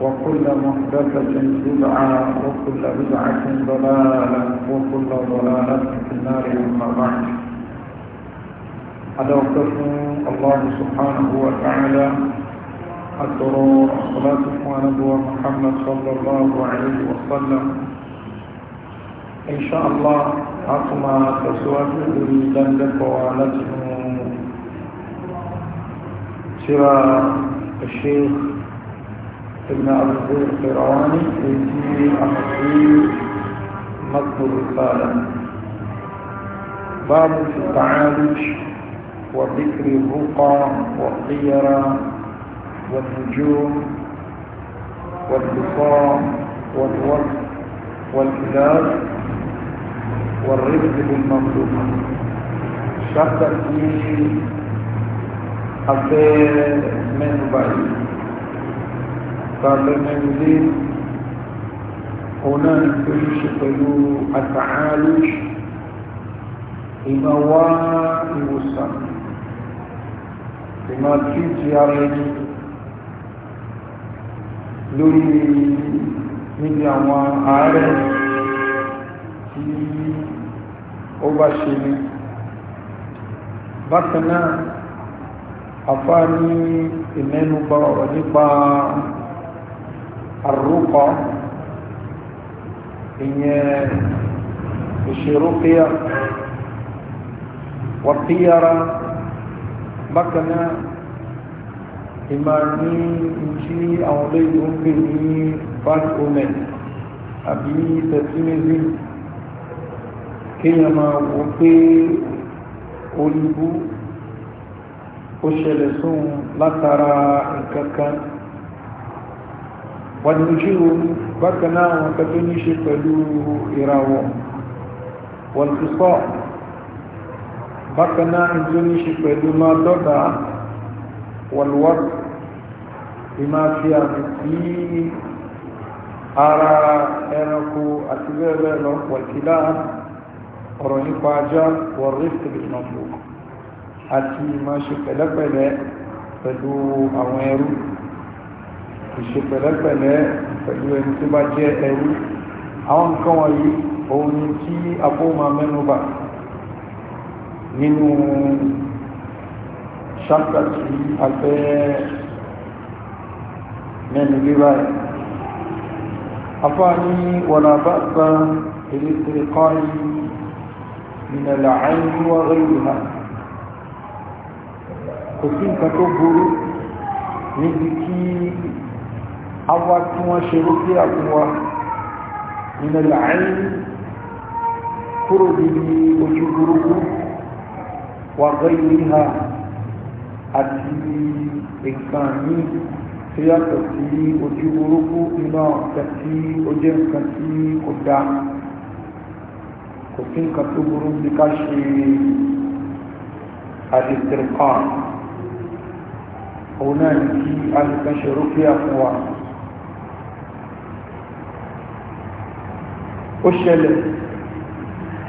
وكل محدثة بدعة وكل بدعة ضلالة وكل ضلالة في النار أما بعد هذا وقته الله سبحانه وتعالى الضرور الصلاة نبوة محمد صلى الله عليه وسلم إن شاء الله أطمع تسوات ذنبك وعلته سوى الشيخ ابن أبو القيرواني في أخذ مكتوب قال باب في التعالج وذكر الرقى والطيرة والنجوم والبصام والوقت والكلاب والرفق بالمخلوق شابتر في أفير من بعيد فالمنزل هناك يشكل التعالج إمواء الوسط بما كنت يريد lórí níbi àwọn ààrẹ tí ó bá ṣe ní bákanáà afá ní ìmẹ́nubà ọ̀rọ̀ nípa àrùkọ ìyẹn ìṣerúkíyà wàtíyàrá bákanáà ìmá ní ìjí àwọn olóyìn ń pè ní bad omen àbí pessimism kíyàn máa wò pé olùbú ó ṣẹlẹ̀ sóhun látara nǹkan kan wọ́n ní ṣírò bákan náà wọn kẹ́ tó ní ṣe pẹ̀lú ìràwọ̀ wọ́n ti sọ bákan náà ní tó ní ṣe pẹ̀lú máa dọ́ta wọ́n wọ́n ìmá fi àmì sí ara ẹranko àti bẹ́ẹ̀ lọ wọ́n ọ̀rọ̀ nípa ajá wọ́n rí síbi àti ìmá ṣe pẹ̀lẹ́pẹ̀lẹ́ pẹ̀lú àwọn ẹrú ìṣe pẹ̀lẹ́pẹ̀lẹ́ pẹ̀lú ẹni tó bá jẹ́ ẹrú àwọn nǹkan wọ̀nyí òun ni kí afọ́mà mẹ́nubà nínú ṣáàtà tí a fẹ́ mẹ́nu léra ẹ̀ afọ́ ní wọ̀nà gba èdè kan yìí ìnàlà àìní wọ́n kò sí nǹkan tó burú níbi kí awa tí wọ́n ṣe rókè àkúnwá nínú làáyé kúrò níbi ojú burúkú wà gbẹ́yìn ha àti nǹkan míì tí yàtọ̀ sí ojú burúkú iná ọ̀tẹ̀ tí ó nǹkan tí kò kò sí nǹkan tó burú bí ká ṣe àdìsírkàn òun náà ní kí alùpàṣẹ rókè àkúnwá. ó ṣẹlẹ̀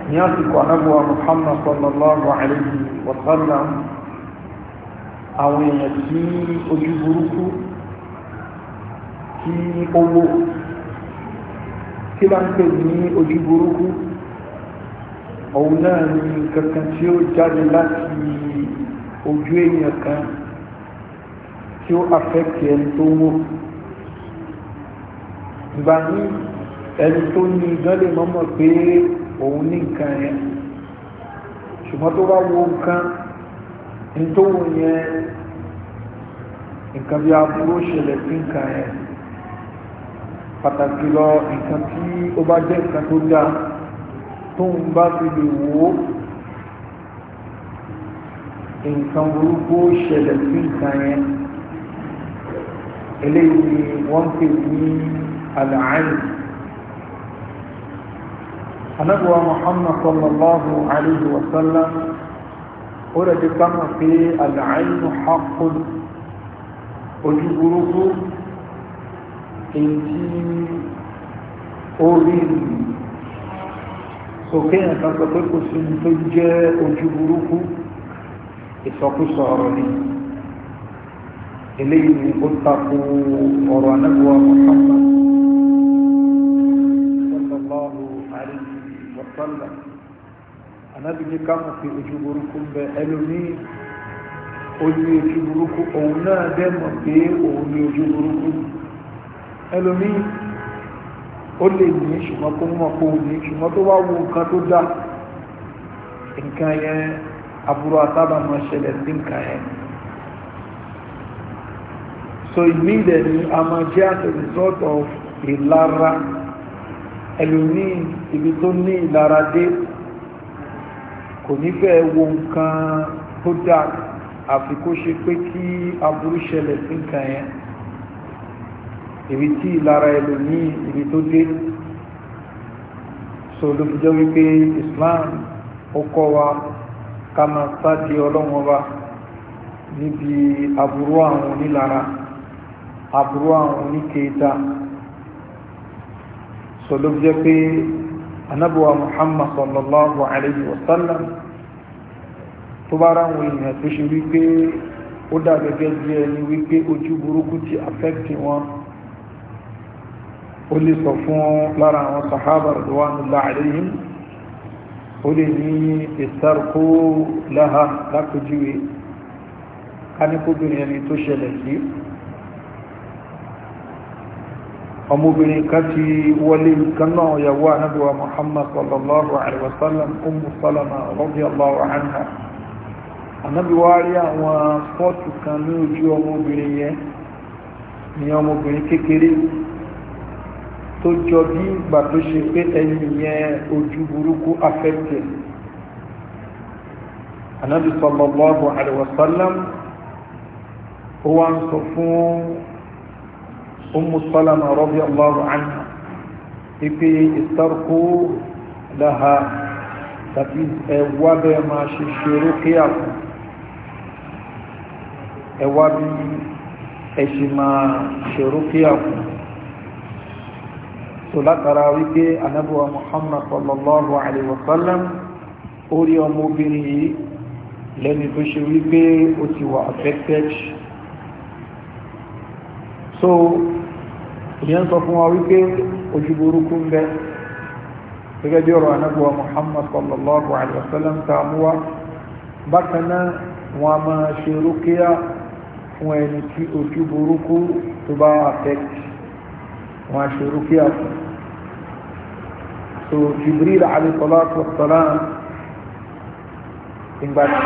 ní àsìkò anábọ̀wà Muhammad sallallahu alayhi wa sallam àwọn èèyàn tí ojú burúkú kí owó kí bá ń pè ní ojú burúkú òun náà ni kankan tí ó jáde láti ojú èèyàn kan tí ó affect tó wó ìgbà yìí ẹni tó ní gan lè mọ́mọ́ pé òun ní nǹkan yẹn ṣùgbọ́n tó bá wo nǹkan ní tó wù yẹn nǹkan bí aburú ṣẹlẹ̀ sí nǹkan yẹn pàtàkì lọ nǹkan tí ó bá jẹ́ nǹkan tó dáa tó ń bá fi lè wò ó nǹkan burúkú ṣẹlẹ̀ sí nǹkan yẹn eléyìí wọ́n pè ní àlàáyé anábíwá muhammad sallallahu alayhi wa sallam ó rẹ̀ ti kánà pé àlàáyínú haqqun ojú burúkú èyí tí ó rí sókè yẹn kan pé kò sí ní tó jẹ́ ojú burúkú ìsọkúsọ ọ̀rọ̀ ni eléyìí ni ó takò ọ̀rọ̀ anábíwá muhammad anábì ní ká mọ̀ pé ojú burúkú ń bẹ ẹlòmíì ojú ojú burúkú òun náà dẹ̀ mọ̀ pé òun ní ojú burúkú ẹlòmíì ó lè ní ṣùgbọ́n kó mọ̀ kó ní wo nǹkan tó dá nǹkan yẹn aburú àtàbà máa ṣẹlẹ̀ sí nǹkan yẹn so ìmí ìdẹ̀ ni a máa jẹ́ as a result of ìlara ẹlòmíì ibi tó ní ìlara dé kò ní fẹ́ wo nǹkan tó dáa àfi kó ṣe pé kí aburú ṣẹlẹ̀ sí nǹkan yẹn ibi ìlara ẹlòmíì ibi tó dé so ló fi jẹ́ wípé Islam ó kọ́ wa ká máa sáàdì ọlọ́run ọba níbi aburú àwọn onílara aburú àwọn oníkeeta so ló fi jẹ́ pé anábùwà muhammad sallallahu alayhi wa sallam tó bá ra àwọn èèyàn tó ṣe wípé ó dà gẹ́gẹ́ bí ẹni wípé ojú burúkú ti affecti wọn ó lè sọ fún lára àwọn sahaba radwanullahi alayhim ó lè ní ìsarkó láha lápèjúwe ká ní kóbìnrin ẹni tó ṣẹlẹ̀ sí ọmọbìnrin kan ti wọlé kan náà yàwó ànábíwá muhammad sallallahu alaihi wasallam umu salama radiyallahu anha ànábíwá rí àwọn fọ́tù kan ní ojú ọmọbìnrin yẹn ni ọmọbìnrin kékeré tó jọ bí ìgbà tó ṣe pé ẹni yẹn ojú burúkú afẹ́tẹ̀ ànábí sallallahu alaihi wasallam ó wá ń sọ fún ummu salama radiyallahu anha ipe istarku laha tàbí ẹwà bẹ́ẹ̀ máa ṣe ṣe rókíyà fún ẹwà bí ẹṣì máa ṣe rókíyà fún so látara wípé anábíwa muhammad sallallahu alaihi wasallam orí ọmọ obìnrin yìí lẹ́ni tó ṣe wípé ó ti wà affected so ìyẹn sọ fún wa wípé ojú burúkú ń bẹ gẹ́gẹ́ bí ọ̀rọ̀ anábọ̀ Muhammad sallallahu alaihi wasallam ta mú wa bákan náà wọn a máa ṣe rúkíyà fún ẹni tí ojú burúkú tó bá affect wọn ṣe rúkíyà fún so Jibril alayhi salatu wassalam ìgbà tí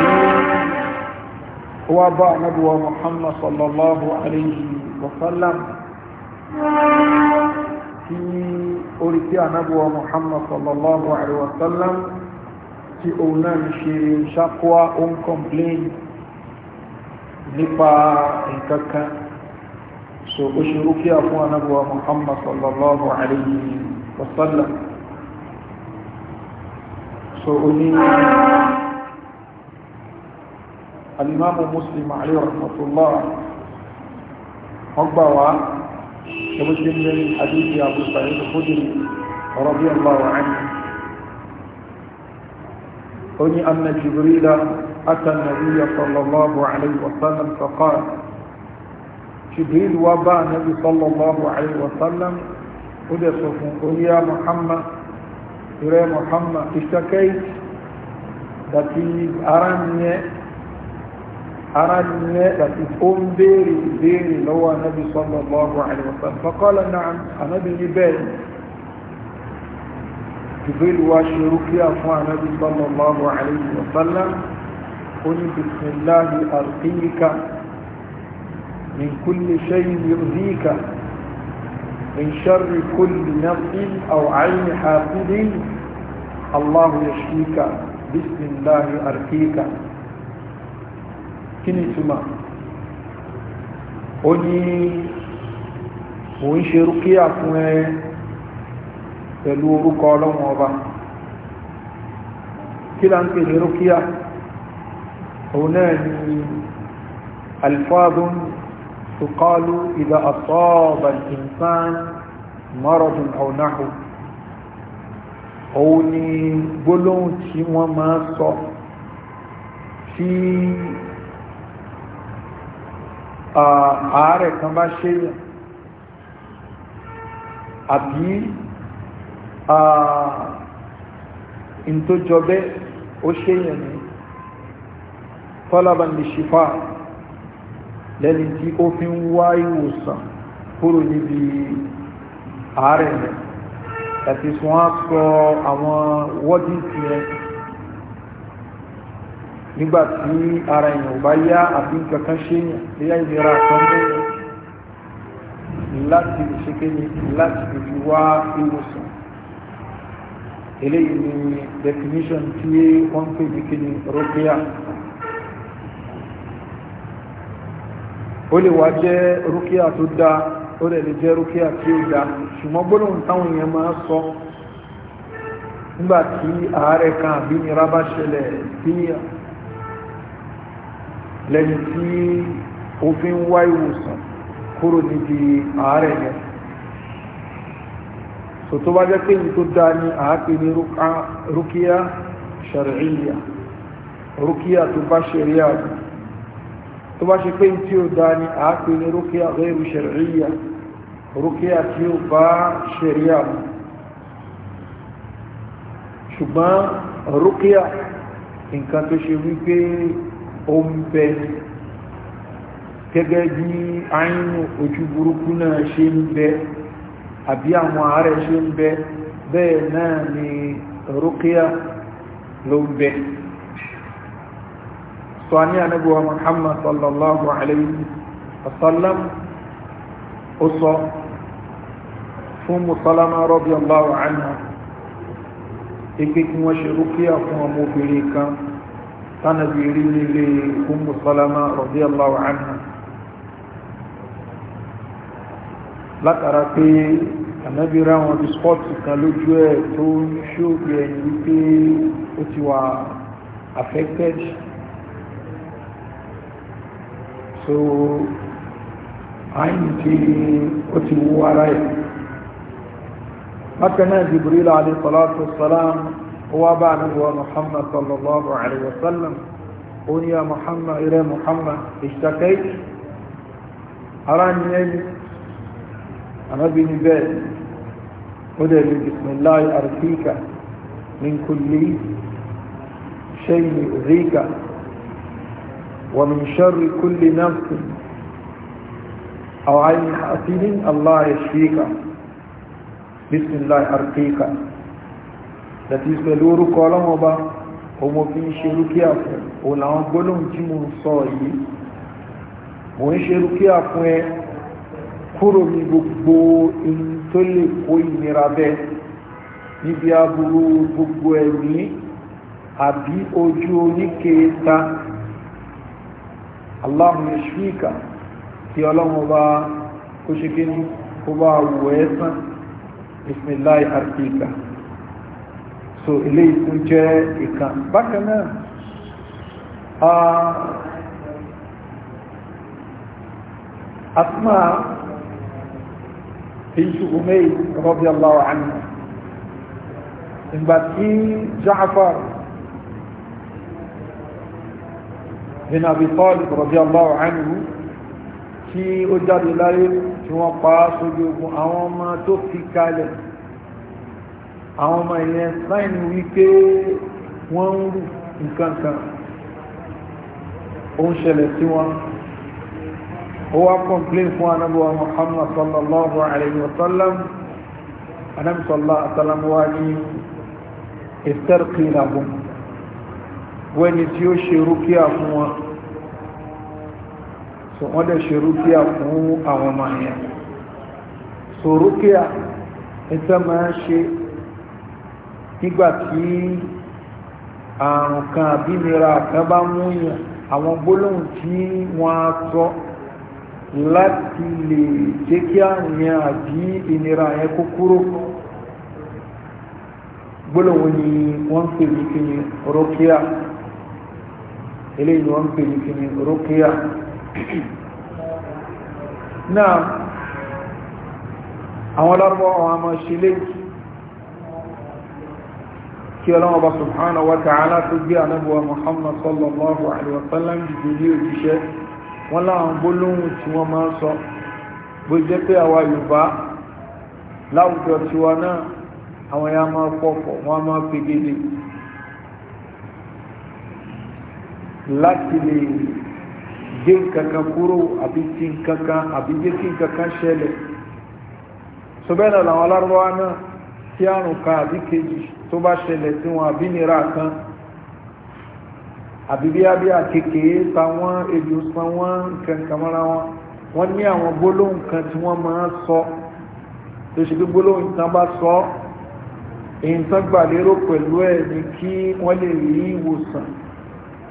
ó bá anábọ̀ Muhammad sallallahu alaihi wasallam tí orí tí anábúwa muhammad sallallahu alaihi wasallam tí òun náà ń ṣe ṣàkóá òun complain nípa nǹkankan so ó ṣe rúkíà fún anábúwa muhammad sallallahu alaihi wasallam so ó ní alimamu muslim alaihi rahmatullah ọgbà wa ومسلم من حديث أبو سعيد الخدري رضي الله عنه قل أن جبريل أتى النبي صلى الله عليه وسلم فقال جبريل وباء النبي صلى الله عليه وسلم قل قل يا محمد يا محمد اشتكيت that he ara nìyẹn láti ó ń béèrè ìbéèrè lọ́wọ́ anábì sallallahu alaihi wasallam faqala na'am anábì ní bẹ́ẹ̀ jibril wá ṣe rúkíà fún anábì sallallahu alaihi wasallam ó ní bismillahi arqika min kulli shay'in yurdika kí ni ìtumọ̀ ó ní òun ṣe rúkíyà fún ẹ pẹ̀lú orúkọ ọlọ́wọ́n ọba kí la ń pè ní rúkíyà òun náà ni alfáàdùn تقال إذا أصاب الإنسان مرض أو نحو òun ni gbólóhùn tí wọ́n máa sọ tí a área bá ṣe yàn àbí a tó jọ bẹ́ ó ṣe yàn ní tọ́lábà lè ṣífà lẹ́ni tí o fi ń wá ìwòsàn kúrò níbi ààrẹ rẹ̀ àti sùn á sọ àwọn nígbà tí ara èèyàn bá yá àbí kankan ṣe léyà ìlera kan lẹ́yìn láti ìṣekéni láti fi wá ìwòsàn eléyìí ni definition tí wọ́n pè ní kíni rọ́bíà ó lè wá jẹ́ rúkíà tó dáa ó lè lè jẹ́ rúkíà tí ó dáa ṣùgbọ́n gbólóhùn táwọn èèyàn máa sọ nígbà tí ààrẹ kan àbí nira bá ṣẹlẹ̀ sí lẹ́ni tí ó fi ń wá ìwòsàn kúrò níbi ààrẹ yẹn so tó bá jẹ́ pé ní tó dá ní àápè ní rúkíá ṣàríyà rúkíá tó bá ṣẹ̀ríyà tó bá ṣe pé ní tí ó dá ní àápè ní rúkíá rẹ̀rù ṣàríyà rúkíá tí ó bá ṣẹ̀ríyà mú ṣùgbọ́n rúkíá nǹkan tó ṣe wípé ó ń bẹ gẹ́gẹ́ bí àyínú ojú burúkú náà ṣe ń bẹ àbí àwọn ààrẹ ṣe ń bẹ bẹ́ẹ̀ náà ni rúkíyà ló ń bẹ sọ ní anábíwa Muhammad sallallahu alayhi wa ó sọ fún musalama radiyallahu anha ìpé kí wọ́n ṣe rúkíyà fún ọmọbìnrin kan tánàbí rí nílé Ummu Salama radiyallahu anha látara pé ànábì rá wọn bí spọ́ọ̀tì kan lójú ẹ̀ tó ń ṣóògbé ẹ̀yìn wípé ó ti wà affected so àyìn tí ó ti wú ara ẹ̀ bákan náà Jibril alayhi salatu wassalam وبعد هو محمد صلى الله عليه وسلم قل يا محمد إلى محمد اشتكيت أراني أني أنا بن بيت ودعي بسم الله أرثيك من كل شيء يؤذيك ومن شر كل نفس أو عين حاسد الله يشفيك بسم الله أرقيك that is pẹ̀lú orúkọ ọlọ́mọba òun ò fi ń ṣe rúkìá fún òun làwọn gbólóhùn tí mo ń sọ yìí mo ń ṣe rúkìá fún ẹ kúrò ní gbogbo ohun tó lè kó ìnira bẹ́ẹ̀ níbi aburú gbogbo ẹ̀mí àbí ojú oníkeeta aláhùn ìṣíkà tí ọlọ́mọba kó ṣe kí ní kó bá wọ̀ ẹ́ sàn bismillah artika so eléyìí tó jẹ́ ìkan bákan náà asma bintu umay radiyallahu anha ìgbà tí jaafar bin abi talib radiyallahu anhu tí ó jáde láyé tí wọ́n pa sójú ogun àwọn ọmọ tó fi kalẹ̀ àwọn ọmọ ìyẹn sáìnì wípé wọ́n ń rù nǹkankan ó ń ṣẹlẹ̀ sí wọn ó wá kọ́mplé fún anábọ̀wá Muhammad sallallahu alayhi wa sallam anábì sallallahu alayhi wa sallam wá ní ìsẹ́rìkì ìlàbùn wẹ́ni tí ó ṣe rúkíà fún wọn so wọ́n dẹ̀ ṣe rúkíà fún àwọn ọmọ ìyẹn so rúkíà ìtẹ́ ṣe nígbà tí àrùn kan àbí nira kan bá mú yàn àwọn gbólóhùn tí wọ́n á sọ láti lè jẹ́ kí àrùn yẹn àbí ìnira yẹn kó kúrò gbólóhùn ni wọ́n ń pè ní kíni rókíà eléyìí wọ́n ń pè ní kíni rókíà náà àwọn lọ́pọ̀ àwọn ọmọ ṣe kí ọlọ́wọ́ bá subhanahu wa ta'ala tó gbé anábọ̀wà muhammad sallallahu alaihi wasallam jùlọ ní òjíṣẹ́ wọ́n láwọn gbólóhùn tí wọ́n máa sọ bó jẹ́ pé àwa yorùbá láwùjọ tiwa náà àwọn ya máa pọ̀pọ̀ wọ́n máa pegede láti lè gbé nkankan kúrò àbí tí nkankan àbí gbé kí nkankan ṣẹlẹ̀ sọ bẹ́ẹ̀ náà làwọn alárúbáwá náà tí àrùn kan àbí kejì tó bá ṣẹlẹ̀ sí wọn àbí nira kan àbí bí abíyá kékeré ta wọ́n ejò san wọ́n nǹkan kan mọ́ra wọn wọ́n ní àwọn gbólóhùn kan tí wọ́n máa ń sọ tó ṣe pé gbólóhùn tán bá sọ èyí gbà lérò pẹ̀lú ẹ̀ ni kí wọ́n lè rí ìwòsàn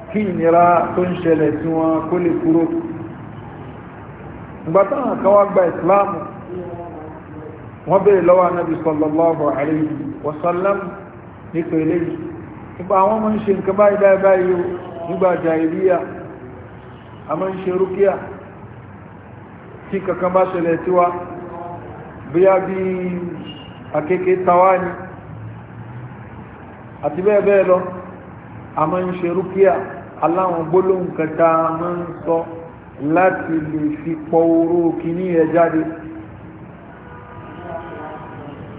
kí ìnira tó ń ṣẹlẹ̀ sí wọn kó lè kúrò ìgbà táwọn kan wá gba ìsìláàmù wọ́n béèrè lọ́wọ́ anábì sallallahu alayhi wa sallam nípa eléyìí nípa àwọn ọmọ ń ṣe nǹkan báyìí báyìí báyìí o nígbà jàìríyà a mọ́ ń ṣe rúkíà tí kankan bá ṣẹlẹ̀ tí wá bóyá bí akéèké tawá ni àti bẹ́ẹ̀ bẹ́ẹ̀ lọ a mọ́ rúkíà aláwọn gbólóhùn kẹta mọ́ ń sọ láti lè fi pọ oró kìíní ẹ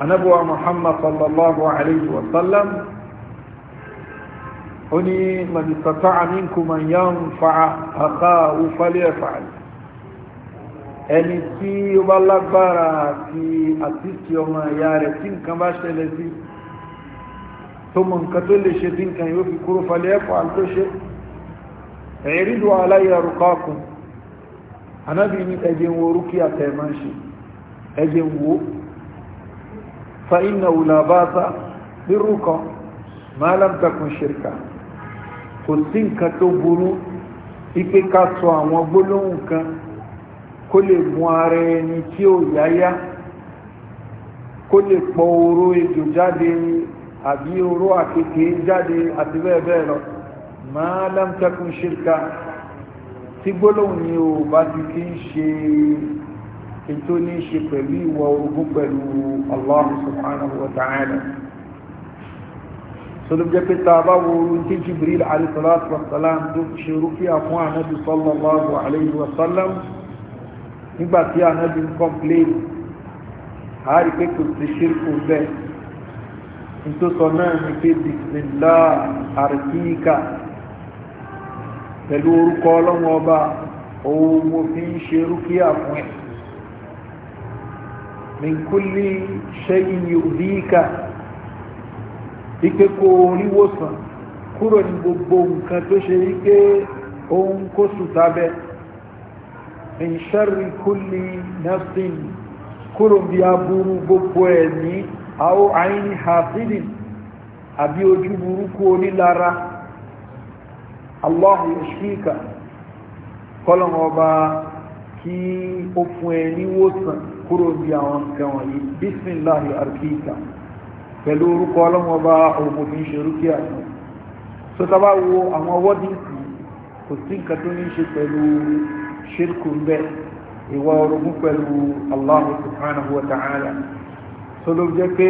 anabuwa muhammad sallallahu alayhi wa sallam ó ní man istata'a minkum man yanfa'a akhahu falyaf'al ẹni tí ó bá lágbára àti àtìsí ọmọ ìyá rẹ̀ tí nǹkan bá ṣẹlẹ̀ sí tó mọ̀ nǹkan tó lè ṣe tí nǹkan yóò fi kúrò falyaf'al tó ṣe ẹ̀rídù aláyà rúkọ́kùn anábì ní ẹjẹ̀ ṣe ẹjẹ̀ فإنه لا باس بالرقى ما لم تكن شركا kò sí nǹkan tó burú ike ká sọ àwọn gbólóhùn kan kó lè mú ara ẹni tí ó yáyá kó lè pọ oró ejò jáde àbí oró àkèké jáde àti bẹ́ẹ̀ bẹ́ẹ̀ lọ máa lámtakùn ṣírka tí gbólóhùn ni ò bá ti kí ṣe ètò ní ṣe pẹ̀lú ìwà orogún pẹ̀lú Allah subhanahu wa ta'ala sọlọ́pù jẹ́ pé tàbá wo orun tí Jibril alayhi salatu wa salam tó ṣe rúkìá fún ànábì sallallahu alayhi wa sallam nígbà tí ànábì ń kọ́mplẹ́n àárí pé kò sí pẹ̀lú orúkọ ọlọ́wọ́ ọba òun mo fi ń ṣe rúkìá fún ẹ̀ من كل شيء yu'dika ike kò ríwòsàn kúrò ní gbogbo nǹkan tó ṣe ike ohun kó sùtábẹ́ min sharri kulli nafsin kúrò bí aburú gbogbo ẹ̀ ní àwọn àìní hasidin àbí ojú burúkú onílára Allahu yashfika kọ́lọ̀mọba kí ó fún ẹ níwòsàn kúrò bí àwọn nǹkan wọ̀nyí bísmìláhì àrùkíkà pẹ̀lú orúkọ ọlọ́wọ́ bá ogun fi ń ṣe rúkìá náà tó tábà wo àwọn wọ́díǹsì kò sí nǹkan tó ní ṣe pẹ̀lú ṣírkù ń bẹ́ ìwà orogún pẹ̀lú Allah subhanahu wa ta'ala tó ló jẹ́ pé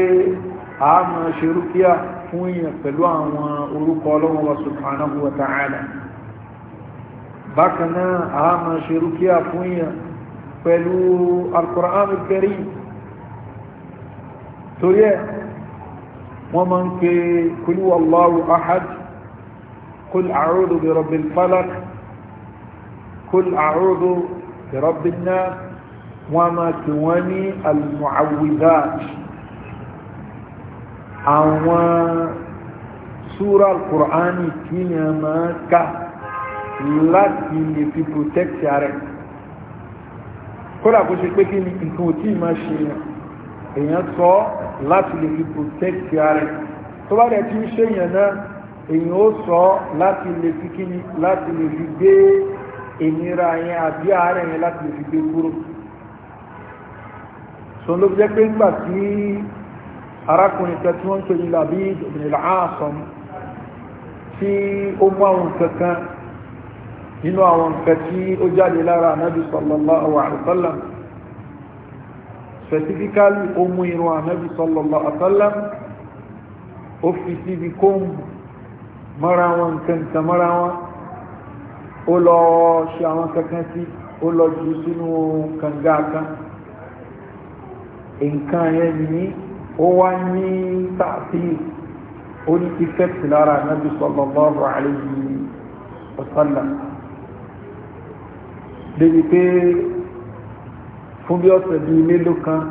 a máa ṣe rúkìá fún èèyàn pẹ̀lú àwọn orúkọ ọlọ́wọ́ subhanahu wa ta'ala bákan náà a máa ṣe rúkìá fún yàn pẹ̀lú al-Qur'an al-Karim torí ẹ̀ wọ́n máa ń pe qul huwallahu ahad qul a'udhu bi rabbil falaq qul a'udhu bi rabbin nas wọ́n máa pè wọ́n ní al àwọn súra al kí ni a máa ká láti lè fi protect ààrẹ kódà kó ṣe pé kí ni nǹkan tí ì máa ṣe èèyàn sọ láti lè fi protect ààrẹ tó bá rẹ̀ tí ń ṣe èèyàn náà èèyàn ó sọ láti lè fi kí ni láti lè fi gbé ìnira yẹn àbí ààrẹ yẹn láti lè fi gbé kúrò sọ ló jẹ́ pé nígbà tí arákùnrin kan tí wọ́n ń pè ní Labid ibn al-Asim tí ó mú àwọn kankan nínú àwọn nǹkan tí ó jáde lára anábì sallallahu alaihi wasallam specifically ó mú irun anábì sallallahu alaihi wasallam ó fi síbi kóńbù mọ́ra wọn nǹkan nǹkan mọ́ra wọn ó lọ ṣe àwọn kankan sí ó lọ jù sínú kànga kan nǹkan yẹn ní ó wá ní tààfíì ó ní effect lára anábì sallallahu alaihi wasallam débi pé fún bí ọ̀sẹ̀ bíi mélòó kan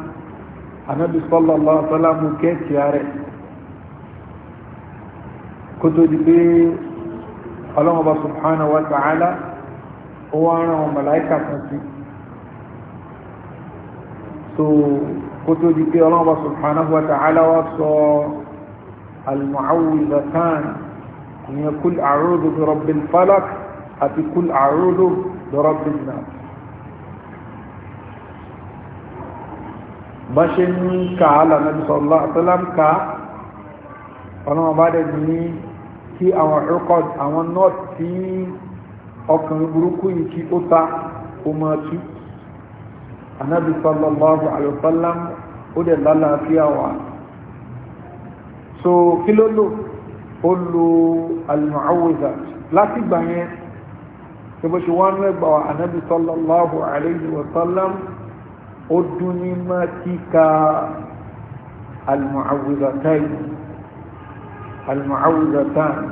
anábì sallallahu alaihi wasallam kẹ́ẹ̀kì rẹ̀ kó tó di pé ọlọ́mọba subhanahu wa ta'ala ó wá ran àwọn màláìkà kan sí so kó tó di pé ọlọ́mọba subhanahu wa ta'ala wá sọ al-mu'awwidhatan ìyẹn kul a'udhu bi rabbil falaq kul a'udhu lọ́rọ́bìn náà bá ṣe ń ká lànàbí sọ́lá àtọ́lámká ọlọ́wọ́ bá dẹ̀ ní kí àwọn ẹ̀kọ́d àwọn náà tí ọkùnrin burúkú yìí kí ó ta ó máa tú ànábì sallallahu alaihi wasallam ó dẹ̀ lálàáfíà wà so kí ló lò ó al-mu'awwidhat láti gbà bó ṣe wọ́n rẹ̀gbà ànábì sallallahu alayhi wa sallam ó dún ní má kíka al-mu'awwidhatayn al-mu'awwidhatayn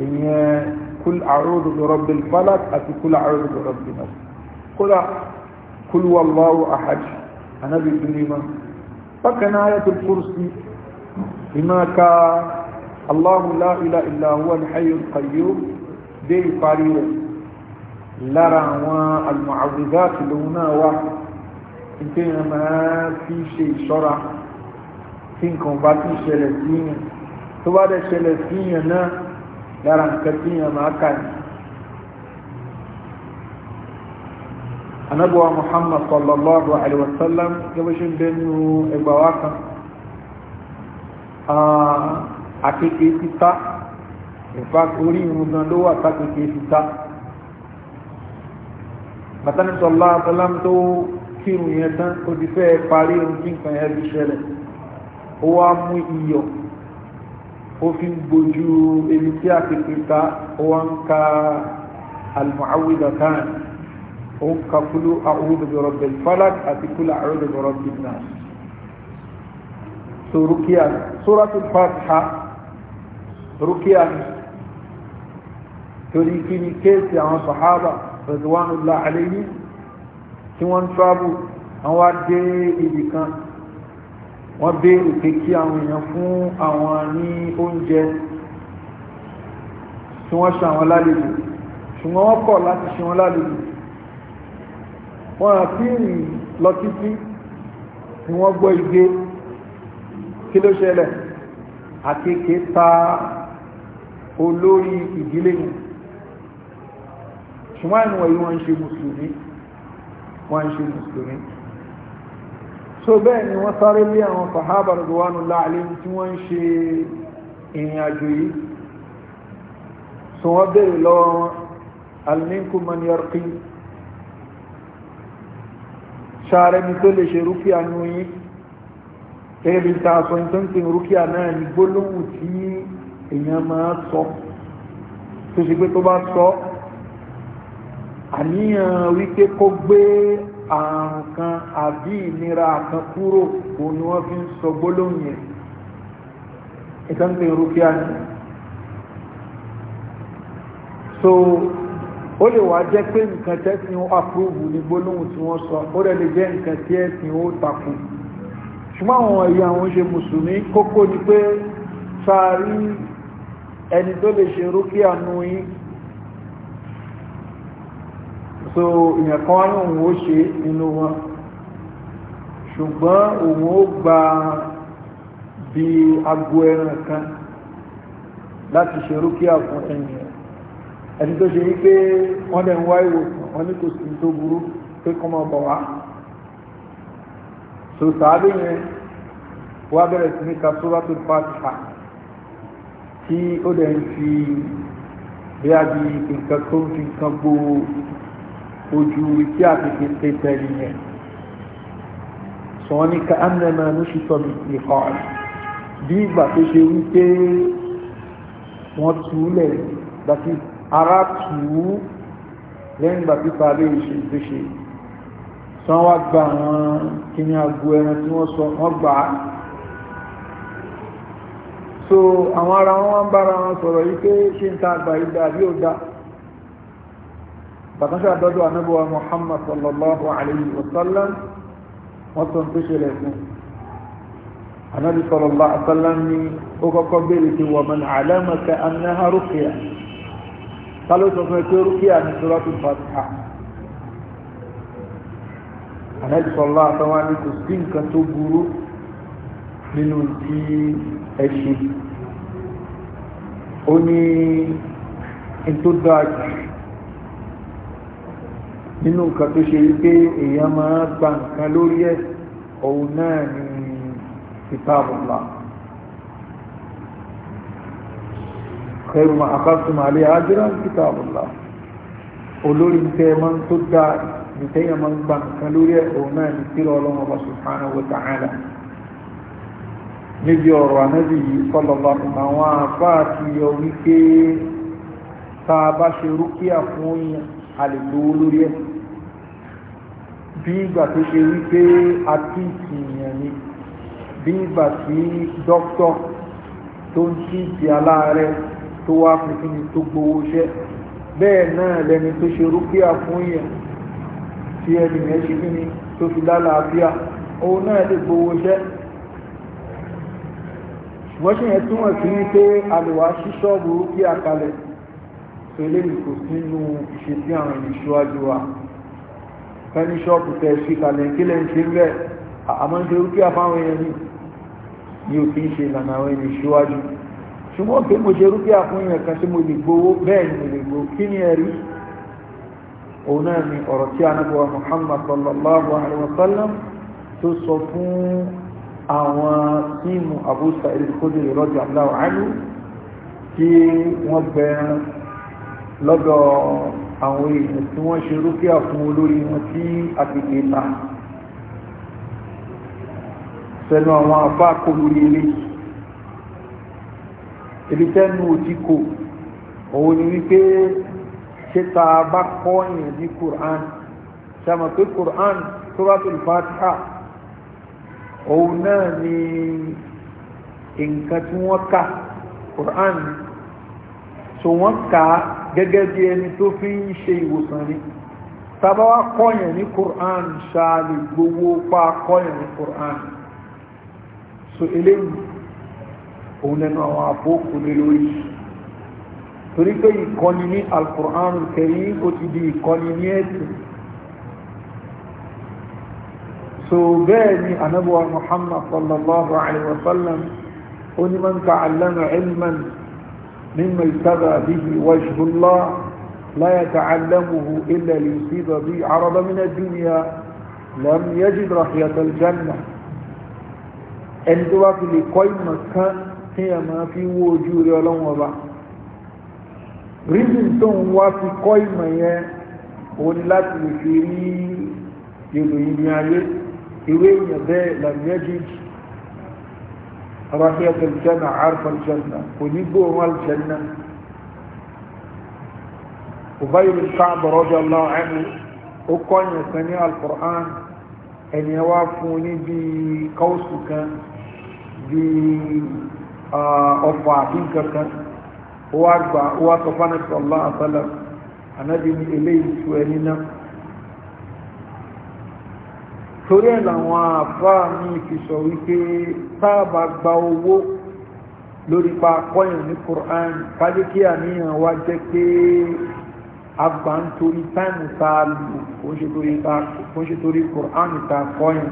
ìyẹn kul a'udhu bi rabbil falaq àti kul a'udhu bi rabbin nas kódà kul wallahu ahad ànábì dún ní má bákan náà ayatul kursi ìmá ka Allahu la ilaha illa huwa hayyul qayyum dé ìparí rẹ̀ lára àwọn àlùmọ̀àwùdá tìlóhun náà wà nítorí wọn máa fi ṣe ìṣọ́ra tí nǹkan bá ti ṣẹlẹ̀ sí yẹn tó bá dẹ̀ ṣẹlẹ̀ sí yẹn náà lára nǹkan tí yẹn máa kà ní. anabuwa muhammad sallallahu alaihi wasallam gabashin benu egbawa kan a ah, keke fita in fact orí irun gan ló wà ta keke bàtàni sọlá àtàlám tó kírun yẹn tán ó ti fẹ́ parí ohun tí nǹkan yẹn fi ṣẹlẹ̀ ó wá mú iyọ̀ ó fi ń gbojú ebi tí àkèké ta ó wá ń ka almuawidatan ó ń ka kúlú a'udhu bi rabbil àti kúlú a'udhu bi so rukia suratul fatiha rukia torí kí ni kéèsì àwọn sàhábà rẹ̀dùwánulá àlèyí tí wọ́n ń trábù wọ́n wá dé ibì kan wọ́n béèrè pé kí àwọn èèyàn fún àwọn ní oúnjẹ tí wọ́n ṣe àwọn lálejò ṣùgbọ́n wọ́n kọ̀ láti ṣe wọn lálejò wọ́n àti ìrìn lọ títí ni wọ́n gbọ́ igbe kí ló ṣẹlẹ̀ àkekèé ta olórí ìdílé yìí ṣùgbọ́n àwọn ìwọ̀n wọ́n ń ṣe mùsùlùmí wọ́n ń ṣe mùsùlùmí so bẹ́ẹ̀ ni wọ́n sáré lé àwọn sahaba radwanullahi alayhim tí wọ́n ń ṣe ìrìn àjò yìí so wọ́n béèrè lọ́wọ́ wọn hal minkum man ni tó lè ṣe rúkìá nù yín gẹ́gẹ́ bí ta sọ nítorí pé rúkìá náà ní gbólóhùn tí èèyàn máa sọ tó ṣe pé tó bá sọ àníyàn wípé kó gbé àrùn kan àbí ìnira kan kúrò òun ni wọ́n fi ń sọ gbólóhùn yẹn ìkan pé rúkìá ni so ó lè wá jẹ́ pé nǹkan tẹ́sìn ó àpúrúvù ní gbólóhùn tí wọ́n sọ ó rẹ̀ lè jẹ́ nǹkan tí ẹ̀sìn ó takùn ṣùgbọ́n àwọn ẹ̀yà àwọn ṣe mùsùlùmí kókó ni pé sáà rí ẹni tó lè ṣe rúkìá nù yín so èèyàn kan wá ní òun ó ṣe nínú wọn ṣùgbọ́n òun ó gba bí agbo ẹran kan láti ṣe rúkìá fún ẹni ẹni tó ṣe wípé wọ́n dẹ̀ ń wá ìwòsàn wọn ní kò sí tó burú pé kọ́ máa bọ̀ wá so sàábì yẹn wá bẹ̀rẹ̀ sí ní ka sóràtò fàtìfà tí ó dẹ̀ ń fi bí a di nǹkan tó ń fi nǹkan gbòó ojú wípé àfihàn pẹ̀tẹ̀ yẹn sọ́ni ká ánàmà lóṣìṣọ́ mi nìkan bí ìgbà tó ṣe wípé wọ́n túlẹ̀ gbàtí ara tù ú lẹ́yìn gbàtí parí ìṣèlú tó ṣe sọ́n wá gba àwọn kíní agbo ẹran tí wọ́n sọ wọ́n gbà á so àwọn ara wọn bára wọn sọ̀rọ̀ yìí pé ṣé ń ta àgbà yìí dà bí ó dáa bàtánṣẹ́ àdọ́dọ̀ anábọ̀wà muhammad sallallahu alayhi wa sallam wọ́n tó ń tó ṣe lẹ́sìn anábì sallallahu alayhi wa sallam ni ó kọ́kọ́ béèrè kí wọ́n mọ̀nà alámọ̀kẹ́ anáhà rúkìá táló sọ suratul fatiha anábì sallallahu alayhi wa sallam ni kò sí nǹkan tó burú nínú tí nínú nǹkan tó ṣe wípé èèyàn máa gba nǹkan lórí ẹ̀ òun náà ni ìtàbùlà kẹrùmọ̀ àkásùmọ̀ àlẹ́ àjírá ìtàbùlà olórí tẹ máa ń tó dá ìtẹ́yàn máa ń gba nǹkan lórí ẹ̀ òun náà ni tírà ọlọ́run ọba subhanahu wa ta'ala níbi ọ̀rọ̀ ànábì yìí kọlọ̀lọ̀ àwọn àfáà ti yọ wípé tá a bá ṣe rúkíà fún yàn a lè gbowó lórí ẹ̀ bí ìgbà tó ṣe wípé a ti ìyàn ni bí ìgbà tí dókítọ̀ tó ń tí ti aláàárẹ̀ tó wá fún kí ni tó gbowó iṣẹ́ bẹ́ẹ̀ náà lẹni tó ṣe rúkìá fún yẹn tí ẹni yẹn ṣe kí ni tó fi lálàáfíà òun náà lè gbowó iṣẹ́ ṣùgbọ́n ṣe yẹn túmọ̀ sí wípé àlèwà ṣíṣọ́ọ̀bù rúkìá kalẹ̀ eléyìí kò sínú ìṣesí àwọn ìṣíwájú wa fẹ́ni ṣọ́ọ̀pù tẹ̀ ṣe kalẹ̀ kílẹ̀ ń ṣe bẹ́ẹ̀ àmọ́ ń ṣe rúkìá fáwọn èèyàn ní ní ò kí ń ṣe ìlànà àwọn ènìyàn ṣíwájú ṣùgbọ́n pé mo ṣe rúkìá fún kan tí mo lè gbowó bẹ́ẹ̀ ni mo lè gbowó kí ni ẹ̀rí òun náà ni ọ̀rọ̀ tí anábọ̀wá Muhammad sallallahu alaihi wa sallam tó sọ fún àwọn tíìmù Abu Sa'id al-Khudri radiyallahu anhu wọ́n bẹ̀rẹ̀ lọ́dọ̀ àwọn èèyàn tí wọ́n ṣe rúkíà fún olórí wọn tí a ti lè ta sẹ́nu àwọn àbá kò lórí ilé ibi tẹ́nu òtí kò òun ni wípé ṣe ta bá kọ́ èèyàn ní Qur'an sàmà pé Qur'an Suratul Fatiha òun náà ni nǹkan tí wọ́n kà Qur'an so wọ́n kà gẹ́gẹ́ bí ẹni tó fi ń ṣe ìwòsàn ni tàbá wá kọ́yàn ní Qur'an ṣáàlì gbogbo pa kọ́yàn ní Qur'an so eléyìí òun lẹ́nu àwọn àbókù lé lórí torí pé ìkọ́ni ní Al-Qur'an Karim ó ti di ìkọ́ni ní ẹ̀sìn so bẹ́ẹ̀ ni anabuwa Muhammad sallallahu alaihi wa sallam ó ní man ta'allama ilman مما ابتدى به وجه الله لا يتعلمه إلا ليصيب به عرض من الدنيا لم يجد رحية الجنة ẹni tó bá fi lè kọ́ ìmọ̀ kan tí a máa fi wó ojú rẹ ọlọ́wọ́n ọba rízìn tó ń wá fi kọ́ ìmọ̀ yẹn òun ni láti lè fi rí èrò ìrìn ayé ìwé èèyàn bẹ́ẹ̀ làmìẹ́jì رحية الجنة عارف الجنة ونبوه الجنة أبي بن كعب رضي الله عنه أكون يسمع القرآن أن يوافوني بقوسك بأفعالك هو أكبر هو صلى الله عليه وسلم أنا بني إليه سوى torí ẹ̀ làwọn àfáà mi fi sọ wípé táàbà gba owó lórí pa akọ́yàn ní Qur'an kájí kí àníyàn wá jẹ́ pé àgbà ń torí táìmù tá lù kó ń ṣe torí Qur'an tá a kọ́yàn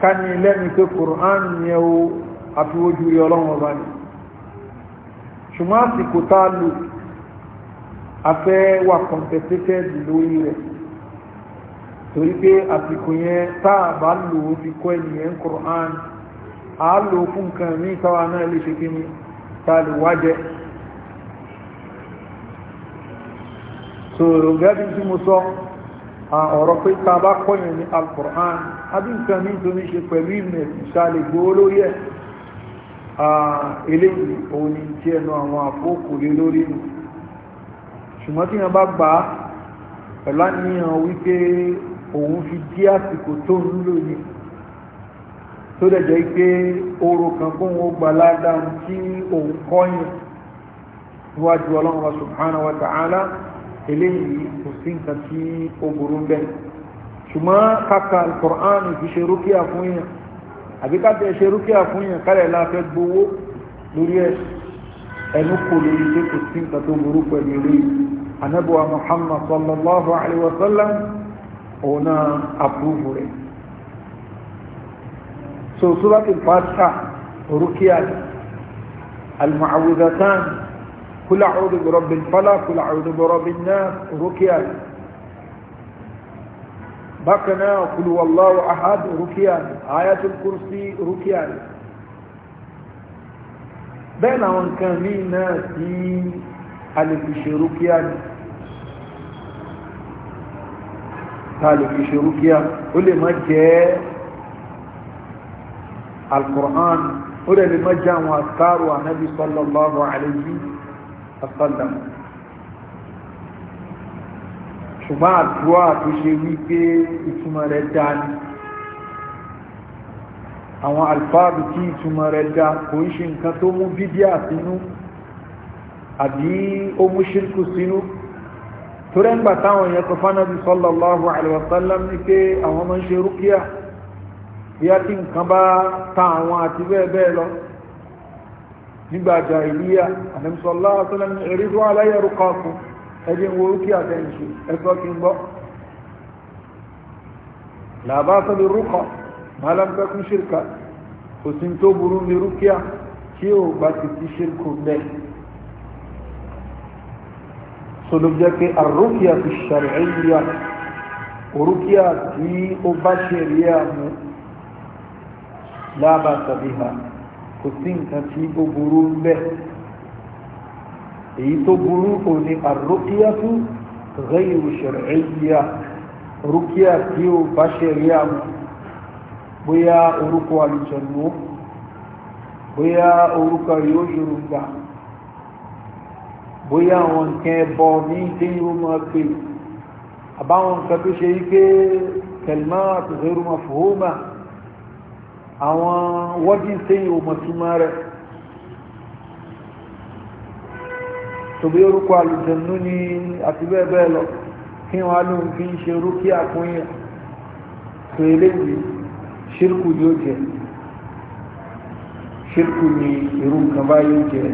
ká ní lẹ́nu pé Qur'an yẹn o àfiwójú rí ọlọ́run ọba ni ṣùgbọ́n àsìkò tá lù afẹ́ wà compensated lórí rẹ̀ torí pé àsìkò yẹn tá a bá lò ó fi kọ́ ènìyàn Qur'an a lò fún nǹkan ní ìtawà náà lè ṣe kíni ta lè wájẹ sọ̀rọ̀ gẹ́bí tí mo sọ ọ̀rọ̀ pé ta bá kọ́yàn ní al-Qur'an àbí nǹkan ní tó ní ṣe pẹ̀lú ìmẹ̀ ìṣàlẹ̀ gbówó lórí ẹ̀ eléyìí òun ni tí ẹnu àwọn àfókò lé lórí nù ṣùgbọ́n tí wọ́n bá gbà á pẹ̀lú àníyàn wípé òun fi jí àsìkò tó ń lò ní tó dẹ̀jẹ̀ pé orò kan kó wọn gbà ládàá tí òun kọ́yìn níwájú ọlọ́run wa subhanahu wa ta'ala eléyìí kò sí nǹkan tí ó burú bẹ́ẹ̀ ṣùgbọ́n kàkà alukur'an fi ṣe rúkìá fún yẹn àbí ká tẹ̀ ṣe rúkìá fún yẹn kálẹ̀ láfẹ́ gbowó lórí ẹ̀ ẹnu kò lórí pé kò sí nǹkan tó burú pẹ̀lú eléyìí anábọ̀wá muhammad sallallahu alayhi wa sallam òun náà àpúrúfù rẹ̀ so sóràtì fàtà rúkìá almuawudatan kula ọdún gbọ́rọ̀ bin fala kula ọdún gbọ́rọ̀ bin náà rúkìá bákanáà kulu wallahu ahad rúkìá ayatul kursi rúkìá bẹ́ẹ̀ náà wọn kan ní náà sí alìfiṣe rúkìá ta lè fi ṣe rúkíà ó lè má jẹ́ alkùrán ó lè má jẹ́ àwọn àtàrò ànábì sallallahu alayhi wa sallam ṣùgbọ́n àdúrà tó ṣe wípé ìtumọ̀ rẹ̀ dáa ni àwọn alfáàbù tí ìtumọ̀ rẹ̀ dáa kò ń ṣe nǹkan tó mú bídíà sínú àbí ó mú ṣírkù sínú torí ń gbà táwọn yẹn tó fánàbí sallallahu alaihi wasallam ní pé àwọn ọmọ ń ṣe rúkíà bí a ti nǹkan bá ta àwọn àti bẹ́ẹ̀ bẹ́ẹ̀ lọ nígbà jàhílíyà àdẹ́mùsọ̀lá àtọ́lẹ́m ìrírí aláyẹ̀rú kọ́ọ̀kù ẹjẹ́ ń wo rúkíà tẹ́ ń ṣe ẹ̀sọ́ kí ń gbọ́ làbá sọ́bi rúkọ̀ máa lọ́n fẹ́ burú ní rúkíà tí ò bá ti ti bẹ́ẹ̀ sọlọ jẹ́ pé àrùkíà fi ṣàrẹ̀ẹ́yà orúkíà tí ó bá ṣe rí àmú lába tàbíhà kò sí nǹkan tí ó burú ń bẹ́ èyí tó burú kò ní àrùkíà tó gẹ́yìrù ṣàrẹ̀ẹ́yà orúkíà tí ó bá ṣe rí àmú bóyá orúkọ àlùjọ̀nù bóyá orúkọ yóò ṣòro gbà bóyá àwọn nǹkan ẹbọ ní kéyìn ó máa pè àbáwọn nǹkan tó ṣe wípé kẹlmá àtúnṣerú máa fòhómà àwọn wọ́dí kéyìn ó máa túmọ̀ rẹ̀ tòbí orúkọ àlùjẹ̀nú ni àti bẹ́ẹ̀ bẹ́ẹ̀ lọ kí wọ́n á lóun fi ń ṣe rúkí àkúnyẹ̀ tó eléyìí ṣírkù yóò jẹ ṣírkù ni irú nǹkan báyìí jẹ́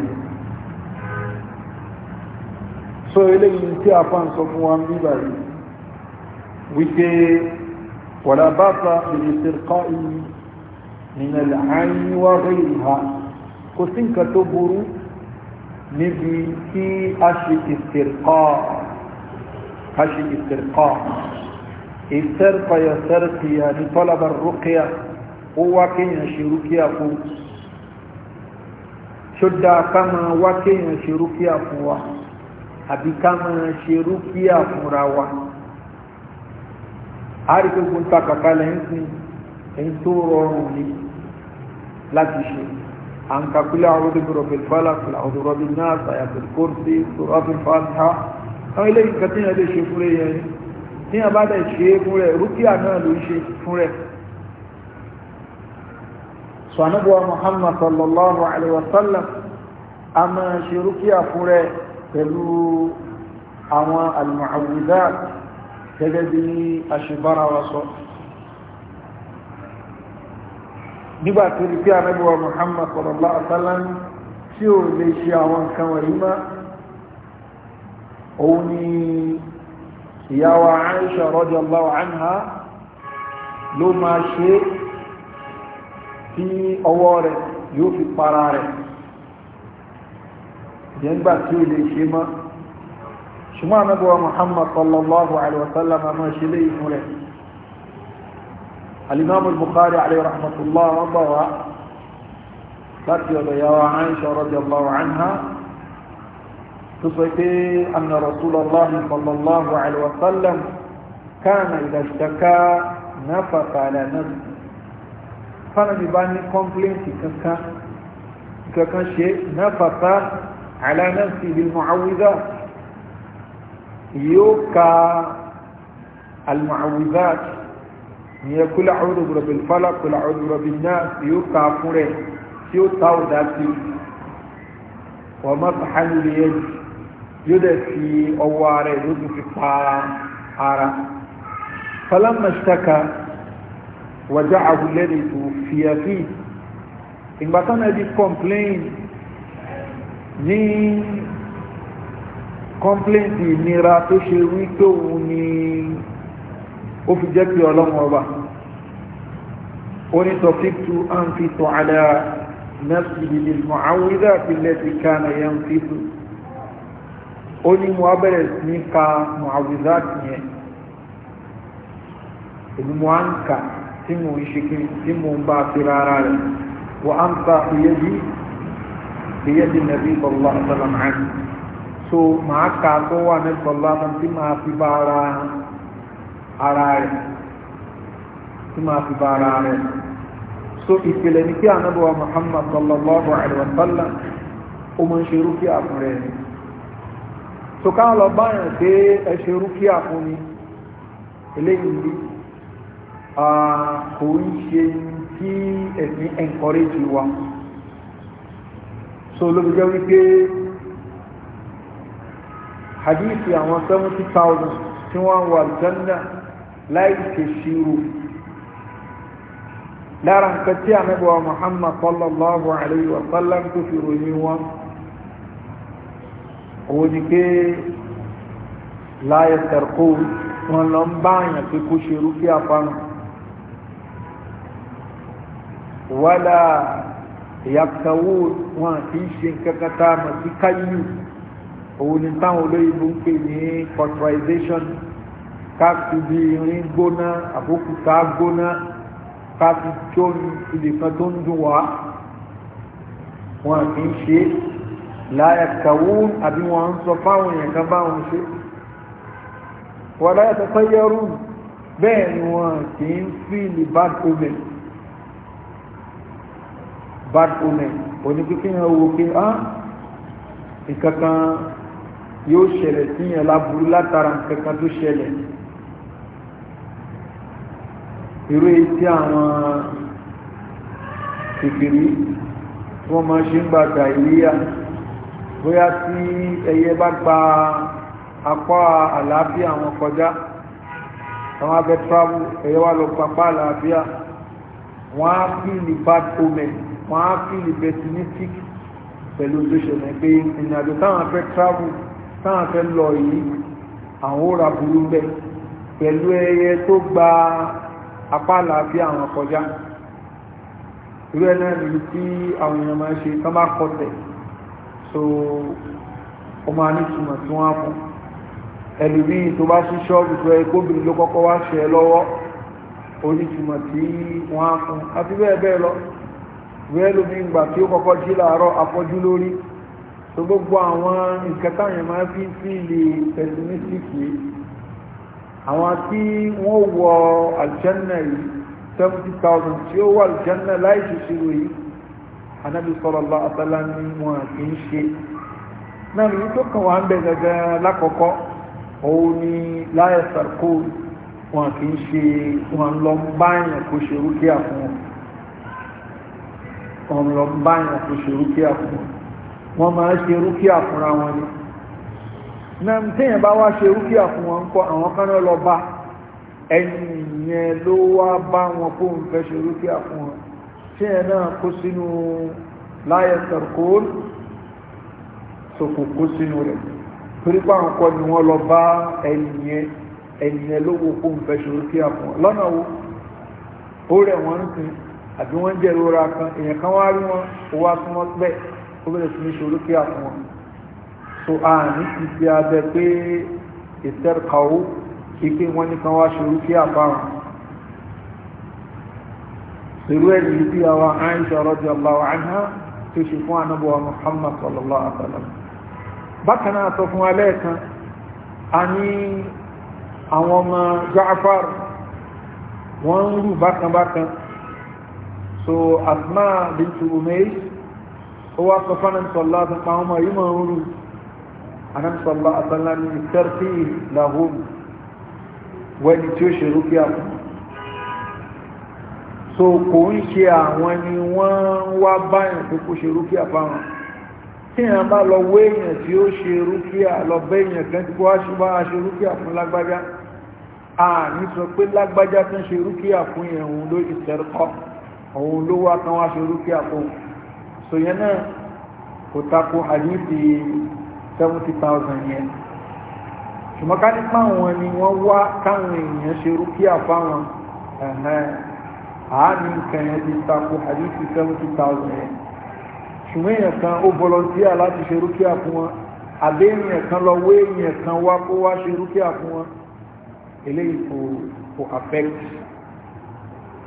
so eléyìí tí a fa ń sọ fún wa ń bíbà yìí wípé wàlá bá ta èyí sèrkọ́ yìí nínú àárín wá rí ìhà kò sí nǹkan tó burú níbi tí a ṣe ìsèrkọ́ a ṣe ìsèrkọ́ ní tọ́lábà rúkìá ó wá kéèyàn ṣe rúkìá fún ṣó dáa ká máa wá kéèyàn ṣe rúkìá fún wa àbí ká máa ṣe rúkìá fúnra wa àríkókò ń ta kàkà lẹ́yìn ẹni tó rọrùn ní láti ṣe à ń kakúlẹ̀ àwọn olùdókòrò fèlfàlà fìlà ọ̀dọ̀rọ̀ bí náà sàyàtọ̀ kó sí sọ̀rọ̀ fìfàlà àwọn ilé ìkà tí yẹn lè ṣe fún rẹ̀ yẹn pẹ̀lú àwọn alìmọ̀àwùdá gẹ́gẹ́ bí aṣìbára wa sọ nígbà tó rí pé anábíwa muhammad sallallahu alaihi wasallam tí ó lè ṣe àwọn nǹkan wọ̀nyí má òun ni ìyàwó aisha radiyallahu anha ló máa ṣe tí ọwọ́ rẹ̀ yóò fi para rẹ̀ yẹngbà tí ó lè ṣe mọ́ ṣùgbọ́n anábọ̀wà muhammad sallallahu alaihi wasallam a máa ṣe léyìn fún rẹ̀ alimami bukhari alaihi rahmatullah wọn bá wa láti ọ̀dọ̀ yàwó aisha radiyallahu anha tó sọ pé anna rasulallah sallallahu alaihi wasallam kana idashtaka nafaka ala nafsi fanabi bá ní kọ́ńpléǹtì kankan kankan ṣe nafaka على نفسي بالمعوذات يوكا المعوذات هي كل أعوذ برب الفلق كل أعوذ برب الناس يوكا فره يوكا ذاتي ومسح اليد يدفي أواره يدفي طارة فلما اشتكى وجعه الذي توفي فيه إن بطن دي complain ní kọ́ńpléǹtì ìnira tó ṣe wí pé òun ni ó fi jẹ́ pé ọlọ́run ọba ó ní tọ́fíìtù à ń fi tàn àdá nafsihi lil mu'awwidhati allati kana ó ní mo abẹ́rẹ̀ sí ní ka mu'awwidhati yẹn èmi mo á tí mo ń ṣe kí tí mo ń bá fi rárá rẹ̀ wọ́n á ń ta ìyẹ́bí bíyẹ́dì nàbí sọ̀lá àtàlàmà so màá kà á tó wà ní sọ̀lá àtàm tí màá fi bá ara ara rẹ̀ tí màá fi bá ara rẹ̀ so ìpìlẹ̀ ní kí ànábọ̀wá Muhammad sallallahu alaihi wa sallam ó mọ̀ ń ṣe rúkí àfún rẹ̀ ni so ká lọ báyàn pé ẹ ṣe rúkí àfún ni eléyìí kò ń ṣe tí ẹ̀sìn encourage wa so ló fi jẹ́ wípé hadithi àwọn seventy thousand tí wọ́n wà aljanna láì ṣe ṣírò lára nǹkan tí ànábì wa muhammad sallallahu alayhi wa sallam tó fi ròyìn wọn òun ni pé láyé sẹ̀rkó wọn lọ ń bá àyàn pé kó ṣe rúkí àpamọ́ wàlá ìyàtọ̀wò wọn kì í ṣe kankan a mọ̀ sí káyù òun ni táwọn olóyìnbó ń pè ní cauterization ká fi bí irin gbóná àbókúta gbóná ká fi tó ibì kan tó ń dùn wá wọn kì í ṣe láyàtọ̀wò àbí wọn ń sọ fáwọn èèyàn kan báwọn ṣe wọn láyàtọ̀ sọ́yẹ́rù bẹ́ẹ̀ ni wọn kì í fíìlì bad omen bad omen òní kíkẹ́ yẹn wo pé á ah, nǹkankan yóò ṣẹlẹ̀ sí yẹn láburú látara nǹkankan tó ṣẹlẹ̀ irú èyí tí àwọn kékeré wọ́n máa ṣe ń gbàgbà ìléyà bóyá tí ẹyẹ bá gba apá àlàáfíà wọn kọjá àwọn abẹ travel ẹyẹ wà lọ papá àlàáfíà wọ́n á fi ní bad omen wọ́n á fílì pessimistic pẹ̀lú tó ṣẹlẹ̀ pé ìrìnàjò táwọn fẹ́ travel táwọn fẹ́ lọ yìí àwọn òra burú bẹ́ pẹ̀lú ẹyẹ tó gba apá àlàáfíà àwọn kọjá irú ẹ̀ náà tí àwọn èèyàn máa ń ṣe tán bá kọtẹ̀ so ó máa ní ìtumọ̀ tí wọ́n á fún ẹlòmíì tó bá sí ṣọ́ọ̀bù tó ẹ kóbìnrin ló kọ́kọ́ wá ṣe ẹ lọ́wọ́ onítumọ̀ tí wọ́n á fún àti bẹ́ẹ̀ bẹ́ẹ̀ lọ wẹ́ẹ́lú mi ń gbà tí ó kọ́kọ́ jí làárọ̀ afọ́jú lórí tó gbogbo àwọn nǹkan táyàn máa fi sí ilé pessimistic yìí àwọn tí wọ́n wọ aljanna yìí seventy thousand tí ó wọ aljanna láì ṣiṣirò yìí anabi sallallahu alaihi wasallam ni wọn kì í ṣe náà ní tó kàn wá ń bẹ gẹ́gẹ́ lákọ̀ọ́kọ́ òun ni láyé sarkozy wọn kì í ṣe wọn lọ báyàn kó ṣe rúkìá fún wọn wọn lọ báyàn kò ṣe rúkìá fún wọn wọn máa ń ṣe rúkìá fúnra wọn ni náà téèyàn bá wá ṣe rúkìá fún wọn kọ àwọn kan náà lọ bá ẹni yẹn ló wá bá wọn kó ń fẹ́ ṣe rúkìá fún wọn téèyàn náà kó sínú láyé sọ̀rọ̀kóòl sòkò kó sínú rẹ̀ torí pé àwọn kọ ni wọ́n lọ bá ẹni ló wo kó ń fẹ́ ṣe rúkìá fún wọn lọ́nà wo ó rẹ̀ wọ́n ń sìn àbí wọ́n jẹ́ ìrora kan èèyàn kan wá rí wọn ó wá súnmọ́ bẹ́ẹ̀ ó bẹ̀rẹ̀ sí ní ṣòro kí àfún wọn so àní ti fi abẹ pé ìtẹ́rkàwó ike wọ́n ní kan wá ṣòro kí àfáwọn irú ẹ̀ yìí bí àwa Aisha radiyallahu anha tó ṣe fún anábọ̀wá Muhammad sallallahu alaihi wa bákan náà sọ fún alẹ́ kan a ní àwọn ọmọ Jaafar wọ́n ń rú bákan bákan so asma bintu umais ó wá sọ fún anamsọ̀lá tó pa ọmọ yìí máa ń rú anamsọ̀lá àtàlá ní sẹ́rfì làhùn wẹ́ni so kò ń ṣe àwọn ni wọ́n wá báyìí pé kó ṣe rúkìá fáwọn tí èèyàn bá lọ wé èèyàn tí ó ṣe rúkìá lọ bẹ́ èèyàn kan tí kó wá ṣe rúkìá fún lágbájá àní sọ pé lágbájá tó ń ṣe rúkìá fún èèyàn òun ló ìtẹ̀rọ̀kọ́ òun ló wá kan wá ṣe rúkìá fún so yẹn náà kò tako àdífi seventy thousand yẹn ṣùgbọ́n ká nípa wọn ni wọ́n wá káwọn èèyàn ṣe rúkìá fáwọn àání nǹkan yẹn ti tako àdífi seventy thousand yẹn ṣùgbọ́n èèyàn kan ó volunteer láti ṣe rúkìá fún wọn àbí èèyàn kan lọ wé èèyàn kan wá kó wá ṣe rúkìá fún wọn eléyìí kò affect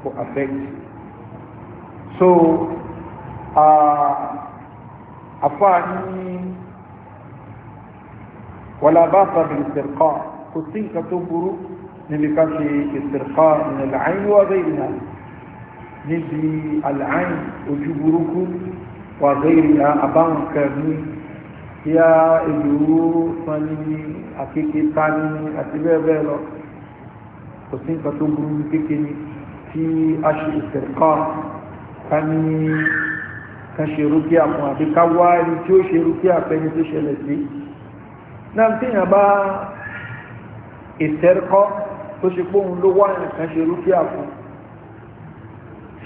kò affect so àfáà ní wàlá bá sàbí ìsìnkọ́ kò sí nǹkan tó burú níbi ká ṣe ìsìnkọ́ ìrìnlẹ̀ àìyí wà bẹ́ẹ̀ ìrìnà níbi àlàáyìn ojú burúkú wà bẹ́ẹ̀ ìrìnà àbáwọn kẹrin kí á èlò san ní ká ní ká ṣe rúkìá fún àbí ká wá ẹni tí ó ṣe rúkìá fẹ́ni tó ṣẹlẹ̀ sí náà tíyàn bá ìtẹ́rkọ́ tó ṣe póhun ló wá ẹ̀kan ṣe rúkìá fún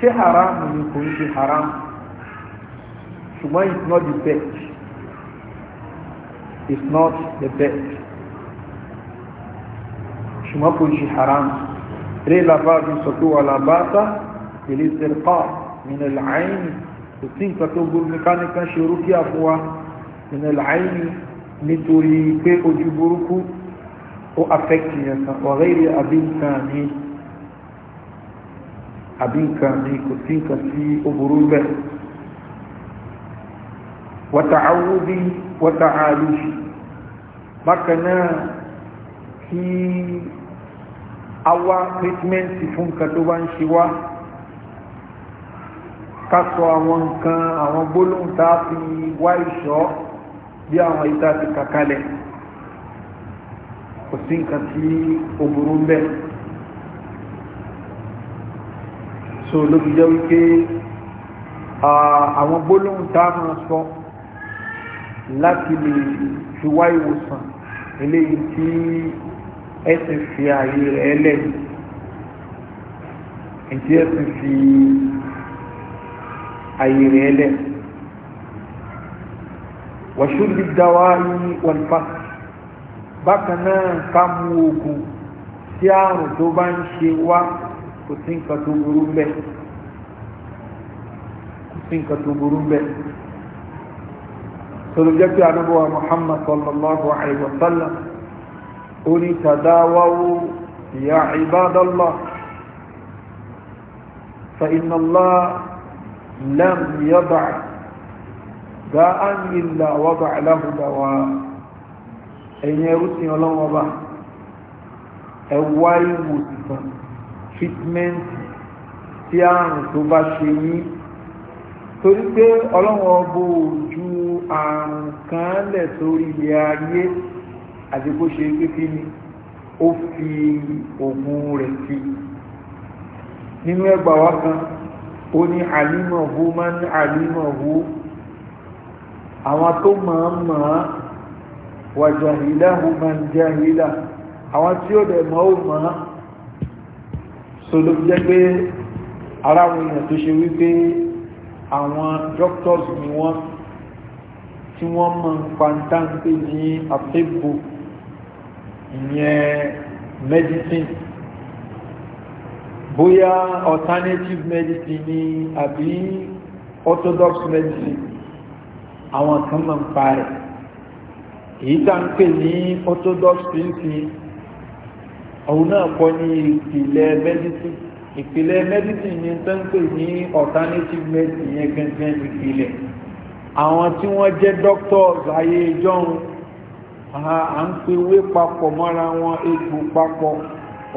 ṣé haram ni kò ń ṣe haram ṣùgbọ́n it's not the best it's not the best ṣùgbọ́n kò ń ṣe haram rí làbá bí sọ wà làbá tá ìlú ìtẹ́rkọ́ minal aini kò sí nǹkan tó burú ní káníkan ṣe rúkìá fún wa minal aini nítorí pé ojú burúkú ó affect yẹn kan ọ̀rẹ́ ìrẹ́ àbí nǹkan ní àbí nǹkan ní kò sí nǹkan sí ó burú bẹ́ẹ̀ wàtàáwúdí wàtàálù bákan náà kí awa treatment fún nǹkan tó bá ń ṣe wá ká sọ àwọn nǹkan àwọn gbólóhùn tá a fi wá ìṣọ́ bí àwọn ìta ti kàkalẹ̀ kò sí nǹkan tí ó burú ń bẹ so ló fi jẹ́ wípé àwọn gbólóhùn tá a máa sọ láti lè fi wá ìwòsàn eléyìí tí ẹsẹ̀ fi ààyè rẹ̀ lẹ̀ ní tí ẹsẹ̀ fi ayé rẹ̀ lẹ̀ wàṣúlì dáwà yí wàlfà bákan náà ká mú oògùn tí àrùn tó bá ń ṣe wá kò sí nǹkan tó burú bẹ́ẹ̀ kò sí nǹkan tó burú bẹ́ẹ̀ sọ̀rọ̀ jẹ́ pé àdúgbò Muhammad sallallahu alayhi wa sallam ó tàdáwáwó ya ibadallah fa inna Allah لم يضع داء إلا وضع له دواء أين يرسل الله وضع ẹwà ìwòsàn treatment tí àrùn tó bá ṣe yí torí pé ọlọ́wọ́ ọbọ̀ ojú àrùn kan lẹ̀ sórí ilẹ̀ ayé àti kó ṣe pípí ni ó fi ògùn rẹ̀ sí nínú ẹgbàá wá kan ó ní àlímọ̀hú má ní àlímọ̀hú àwọn tó máa ń mọ̀ á wà jàhíláhù má ń jàhílá àwọn tí ó dẹ̀ mọ́ ó mọ̀ á sọlọ́ jẹ́ pé ara àwọn èèyàn tó ṣe wípé àwọn doctors ni wọ́n tí wọ́n mọ̀ ń pàǹtàǹtì ní àpébù ìyẹn medicine bóyá alternative medicine ni àbí orthodox medicine àwọn kan mọ̀ ń pa rẹ̀ èyí tá ń pè ní orthodox medicine òun náà kọ́ ní ìpìlẹ̀ medicine ìpìlẹ̀ medicine ni tó ń pè ní alternative medicine yẹn gangan ìpìlẹ̀ àwọn tí wọ́n jẹ́ doctors ayé ìjọ́un à ń pe ewé papọ̀ mọ́ra wọn egbò papọ̀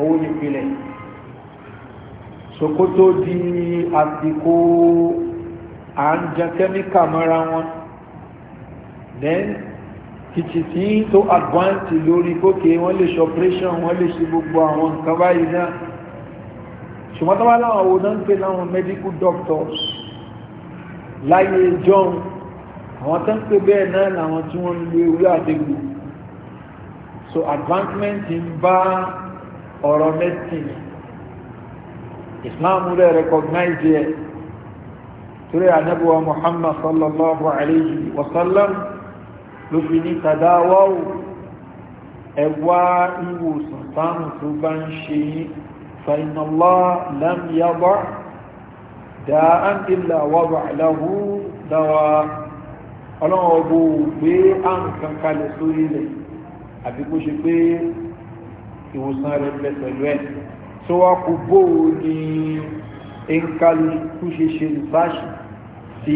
òun ìpìlẹ̀ sokoto di àsìkò à ń jẹ kẹ́míkà mọ́ra wọn then kìtìtì tó advance lórí kókè wọ́n lè ṣe operation wọ́n lè ṣe gbogbo àwọn nǹkan báyìí náà ṣùgbọ́n tó wá láwọn owó náà ń pè láwọn medical doctors láyé john àwọn tó ń pè bẹ́ẹ̀ náà làwọn tí wọ́n ń lo ewúrẹ́ àdégbò so advancement ń bá ọ̀rọ̀ medicine islam rẹ̀ recognize yẹ torí ànábùwà muhammad sallallahu alayhi wa sallam ló fi ní tàdáwáwò ẹwà ìwòsàn táàmù tó bá ń ṣe yí fàìnàlá lámìyàbá dáa ìlà wàbà aláhù dáwàá ọlọ́run ọgbọ́ pé àrùn kan kalẹ̀ sórí ilẹ̀ àbí kó ṣe pé ìwòsàn rẹ̀ pẹ̀ pẹ̀lú ẹ̀ tó wá kú bóò ní ẹnkálukú ṣe ṣe ìbáṣì sí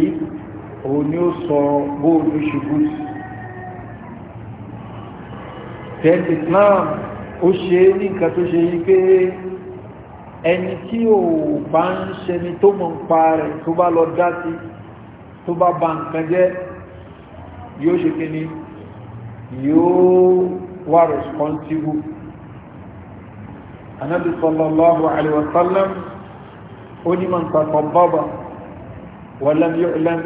òun ni ó sọ bóò ní ṣubú then islam ó ṣe ní nǹkan tó ṣe yí ẹni tí ò bá ń ṣẹni tó mọ̀ ń pa rẹ̀ tó bá lọ dá sí tó bá ba nǹkan jẹ́ yóò ṣe kí ni yóò wà responsible anábì sallallahu alaihi wasallam ó ní man taqabbaba wa lam yu'lam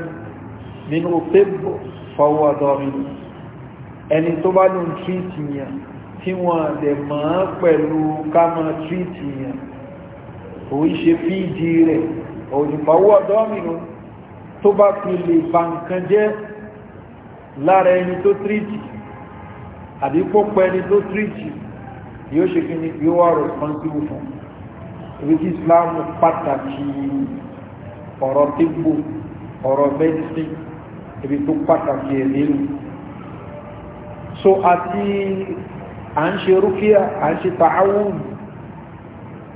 nínú pébù fọwọ́ dọ́rin ẹni tó bá lóun tírìtì yẹn tí wọ́n dẹ̀ mọ́ pẹ̀lú kámọ́ tírìtì yẹn òun ṣe fíìdì rẹ̀ òun dọ́rin tó bá fi lè ba jẹ́ lára ẹni tó tírìtì àbí kó tó tírìtì yóò ṣe kí ni yóò wà responsible fún ibi tí islam pàtàkì ọ̀rọ̀ tígbò ọ̀rọ̀ mẹ́sìn ibi tó pàtàkì ẹ̀ nínú so àti à ń ṣe rúkìá à ń ṣe tààwùn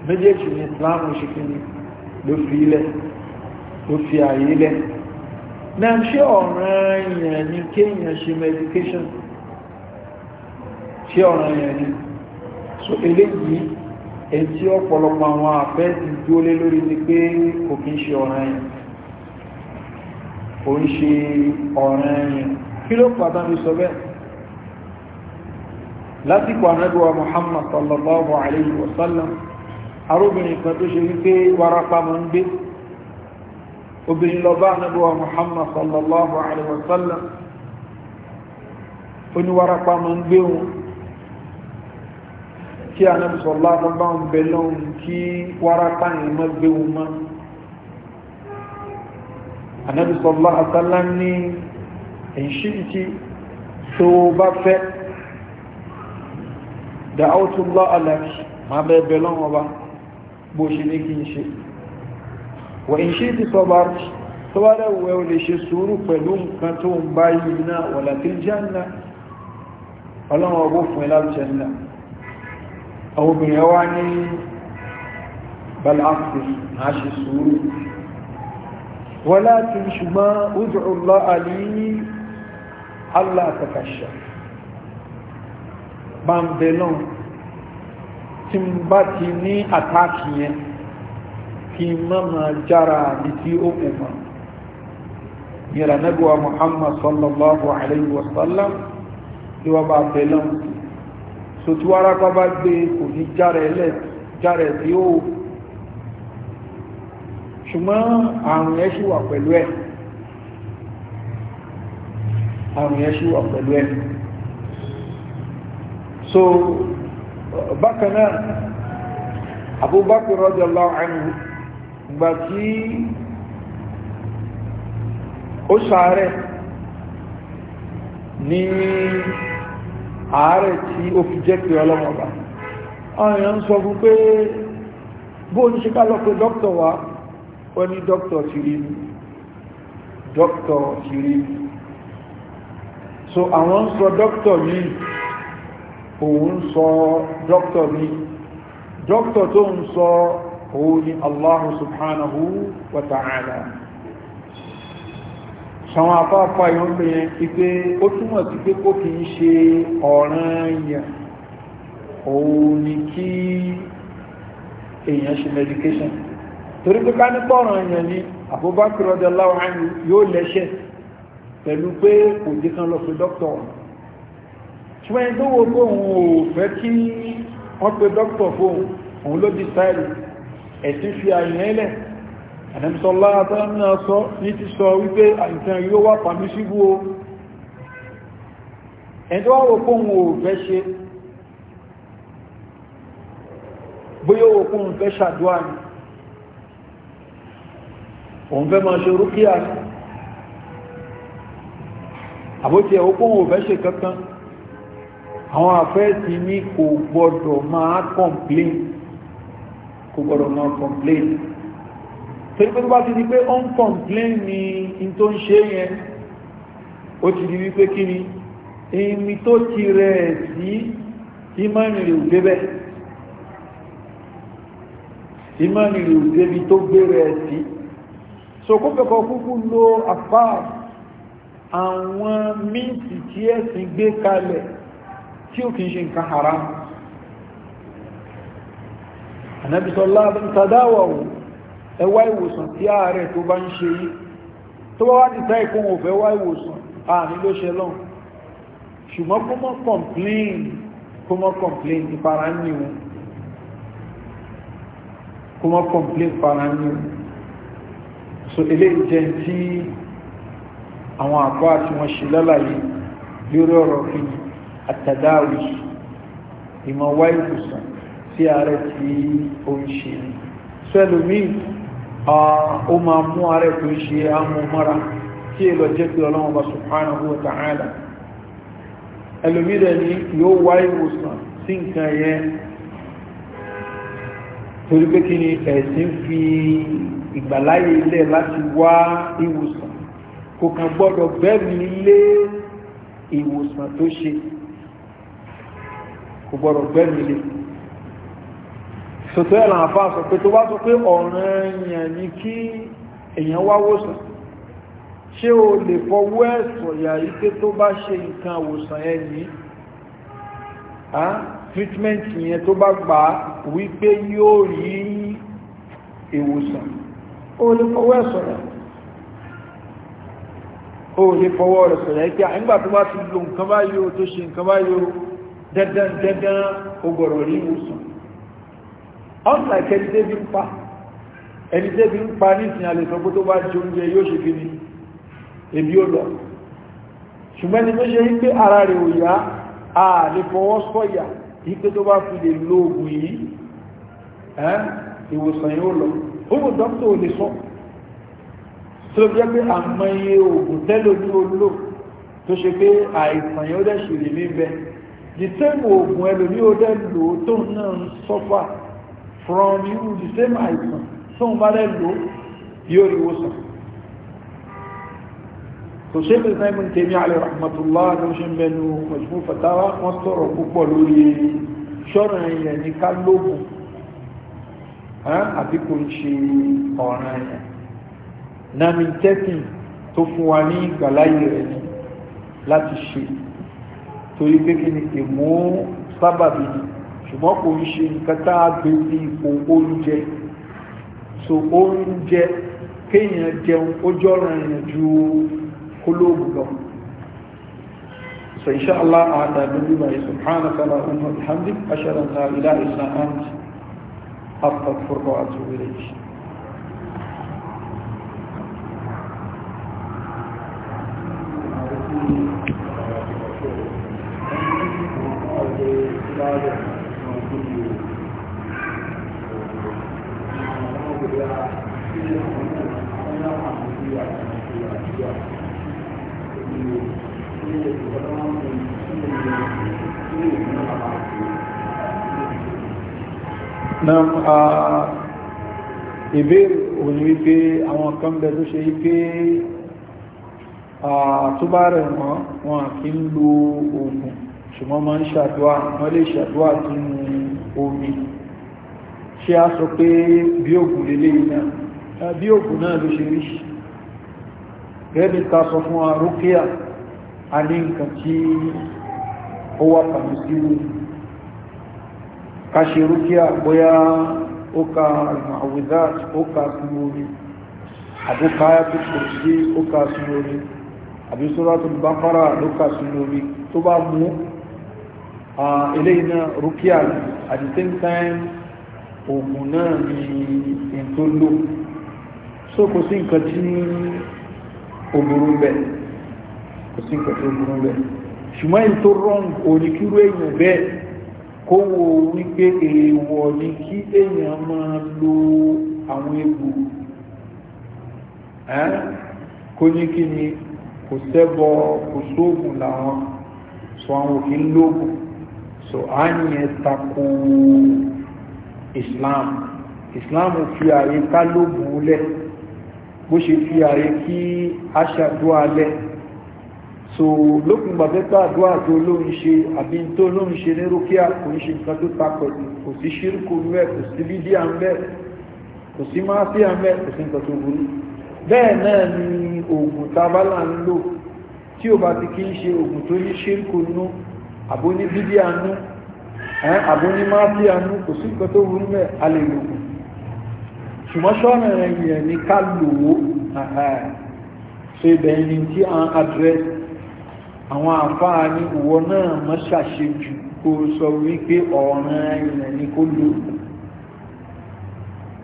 méjèèjì ní islam ṣe kí ni ló fi ilẹ̀ ló fi ààyè ilẹ̀ náà ṣé ọ̀ràn èèyàn ni kéèyàn ṣe medication ṣé ọ̀ràn èèyàn ni so eléyìí etí ọ̀pọ̀lọpọ̀ àwọn àfẹ́ ti dúó lé lórí ni pé kò kí ń ṣe ọ̀ràn yẹn kò ń ṣe ọ̀ràn yẹn kí ló pàtàkì fi sọ bẹ́ẹ̀ lásìkò ànábíwá muhammad sallallahu alayhi wa sallam arúbìnrin kan kí anábìsọ̀lá bọ́bá ń bẹ lọ́hùn kí wárápá yẹn mọ́ gbé wọn mọ́ anábìsọ̀lá àtàlá ní ẹ̀ṣíkìtì tó bá fẹ́ da áwùtúlá aláàkì máa bẹ́ bẹ lọ́hùn ọba bó ṣe ní kí n ṣe wà ẹ̀ṣíkìtì sọ́bà tó bá dẹ̀wẹ̀ ò lè ṣe sùúrù pẹ̀lú nǹkan tó ń bá yìí náà wà látí jẹ́ náà ọlọ́run ọgbó fún ẹ láti jẹ́ náà àwọn obìnrin wá ní balafis a ṣe sùúrù wọ́n láti ṣùgbọ́n uzurullah aliyu allah takasha bá ń bẹ náà tí ń bá ti ní àtàkì yẹn kí mọ́mà jára ní tí ó kù mọ́ ìrànlẹ́gbọ́ muhammad sallallahu alaihi wasallam tí wọ́n bá bẹ náà so tí wárápá bá gbé kò ní jára ẹ̀ sí ó ṣùgbọ́n àrùn ẹ̀ wà pẹ̀lú ẹ̀ àrùn ẹ̀ ṣì wà pẹ̀lú ẹ̀ so bákan náà abubakar radiyallahu anhu gbà tí ó sáré ni. ààrẹ tí ó fi jẹ́ pé ọlọ́mọba àwọn èèyàn ń sọ fún pé bó ní ṣe ká lọ pé dókítà wa ó ní dókítà ti rí mi dókítà ti so àwọn ń sọ dókítà mi òun ń sọ dókítà mi dókítà tó ń sọ òun ni Allahu subhanahu wa ta'ala tàwọn afáfá yọ́n pé yẹn ipé ó túnmọ̀ sí pé kó kìí ṣe ọ̀ràn yẹn òun ni kí èèyàn ṣe medication torí pé ká ní pọ̀ràn yẹn ni Abubakar radiyallahu anhu yóò lẹ́ṣẹ̀ pẹ̀lú pé kò dé kan lọ sí dókítà ṣùgbọ́n ẹni tó wo pé òun ò fẹ́ kí wọ́n pe dókítà fóun òun ló di sáìlì ẹ̀sìn fi àyàn ẹlẹ́ àdẹ́mìsọ́lá àtọ́nà sọ ní ti sọ wípé àìsàn yóò wà pàmí síbú o ẹni tó wá wòpó òun ò fẹ́ ṣe bóyá wòpó òun fẹ́ ṣàdúwà ní òun fẹ́ máa ṣe rúkíà ní àbótí ẹ̀ wòpó òun ò fẹ́ ṣe kankan àwọn àfẹ́ẹ̀sì ní kò gbọ́dọ̀ máa complain kò gbọ́dọ̀ máa complain torí pé tó bá ti di pé ó ń kọ̀m̀plẹ́n ní in tó ń ṣe yẹn ó ti di wípé kí ni èmi tó ti rẹ̀ sí ìmọ̀nì rẹ̀ òdébẹ̀ ìmọ̀nì rẹ̀ òdébi tó gbé rẹ̀ sí so kó fẹ́kọ̀ọ́ kúkú lo àpá àwọn míǹtì tí ẹ̀sìn gbé kalẹ̀ tí ó kìí ṣe nǹkan haram ànábìsọ̀lá tàdáwà òun ẹ wá ìwòsàn tí ààrẹ tó bá ń ṣe yí tó bá wá ti tá ìkún òfẹ́ wá ìwòsàn àní ló ṣe lọ́n ṣùgbọ́n kó mọ́ complain kó mọ́ complain ìpara ń ní wọn kó mọ́ complain ìpara ń ní wọn so eléyìí jẹ́ tí àwọn àbá àti wọn ṣe lálàyé lórí ọ̀rọ̀ fi àtàdáwì ìmọ̀ wá ìwòsàn tí ààrẹ tí ó ń ṣe ni sẹ́lòmíì ó máa mú ààrẹ tó ń ṣe amúmọ́ra tí èlò jẹ́ pé ọlọ́wọ́n bá subhanahu wa ta'ala ẹlòmídẹ̀ ni yóò wá ìwòsàn sí nǹkan yẹn torí pé kí ni ẹ̀sìn fi ìgbàláyé ilẹ̀ láti wá ìwòsàn kò kàn gbọ́dọ̀ bẹ́ẹ̀mì lé ìwòsàn tó ṣe kò gbọ́dọ̀ bẹ́ẹ̀mì lé tòtò ẹ̀ là ń fa sọ pé tó bá sọ pé ọ̀ràn èèyàn ni kí èèyàn wá wòsàn ṣé o lè fọwọ́ ẹ̀ sọ̀yà ike tó bá ṣe nǹkan àwòsàn ẹ̀ ní treatment yẹn tó bá gbà wípé yóò rí ìwòsàn o lè fọwọ́ ẹ̀ sọ̀yà ó lè fọwọ́ rẹ̀ sọ̀rọ̀ ẹ̀kí tó bá ti unlike ẹni débi ń pa ẹni débi ń pa nísìn alẹ́ sọ pé tó bá jẹ oúnjẹ yóò ṣe kí ni ebi ó lọ ṣùgbọ́n ni tó ṣe ń pé ara rẹ̀ ò yá a lè fọwọ́ sọ̀yà ìpé tó bá fi lè lo oògùn yìí ìwòsàn yóò lọ oògùn dókítà ò lè sọ tó jẹ́ pé àmọ́ iye oògùn ní olóò tó ṣe pé àìsàn yóò dẹ̀ ṣì lè mí bẹ the same ẹlòmí ó dẹ̀ lò ó tóun náà sọ́fà from you the same àìsàn tóun bá lẹ́ lò yóò rí wòsàn tó ṣe bí sáìmù tèmi alẹ́ rahmatullah ló ṣe mẹ́nu majmu fatawa wọ́n sọ̀rọ̀ púpọ̀ lórí ṣọ́rọ̀ ẹ̀yẹ̀ ní ká lóògùn àbí kò ń ṣe ọ̀ràn ẹ̀yẹ̀ nami tẹ́sìn tó fún wa ní ìgbàláyè rẹ̀ ni láti ṣe torí pé kí ni èmú sábàbí ni ṣùgbọ́n kò ń ṣe nǹkan tá a gbé sí ipò oúnjẹ so oúnjẹ kéèyàn jẹun ó jọ́ràn èèyàn ju kólóògùn lọ so insha Thank you. náà ìbéèrè òní wípé àwọn kan bẹ tó ṣe wípé tó bá rẹ̀ wọ́n wọn kí ń lo oògùn ṣùgbọ́n máa ń ṣàdúwà wọ́n lè ṣàdúwà sínú omi ṣe a sọ pé bí oògùn lélé náà bí oògùn náà ló ṣe rí gẹ́bí ta sọ fún wa a ní nǹkan tí ó wà pàmì sí oògùn ká ṣe rúkíà bóyá ó ka àwùdá ó ka sínú orí àbúkáyà tó kò sí ó ka sínú orí àbí suratul baqara ló ka sínú orí tó bá mú eléyìí náà rúkíà at the same time ògùn náà ni ètò lò so kò sí nǹkan tí òbúrú bẹ́ẹ̀ kò sí nǹkan tí òbúrú bẹ́ẹ̀ ṣùgbọ́n ètò wrong òní kíró èèyàn bẹ́ẹ̀ kó wo wípé èèwọ̀ ni kí èèyàn máa lo àwọn egbò kó ní kí ni kò sẹ́bọ kò sóògùn làwọn sọ àwọn òfin lóògùn sọ àyẹn tako Islam Islam fi ààyè ká lóògùn lẹ̀ bó ṣe fi ààyè kí aṣàdó alẹ́ so lókùn gbàtẹ́ta àdúrà tó lóun ṣe àbí tó lóun ṣe ní rókíà kò ń ṣe nǹkan tó takọ̀ kò sí ṣírkù mẹ́ kò sí bídí à ń bẹ́ kò sí máa sí à ń bẹ́ kò sí nǹkan tó burú bẹ́ẹ̀ náà ni oògùn tabala ń lò tí ó bá ti kí ń ṣe oògùn tó ní ṣírkù nú àbó ní bídí à nú àbó ní máa sí à nú kò sí nǹkan tó burú mẹ́ a lè lò ṣùgbọ́n ṣọ́ọ̀nà ẹ̀yìn ẹ̀ ní ká lò ó ni tí à ń adrẹ́sì àwọn àfáà ní ìwọ náà mọ́ ṣàṣejù kó sọ wípé ọ̀ràn ìrìn ní kó lò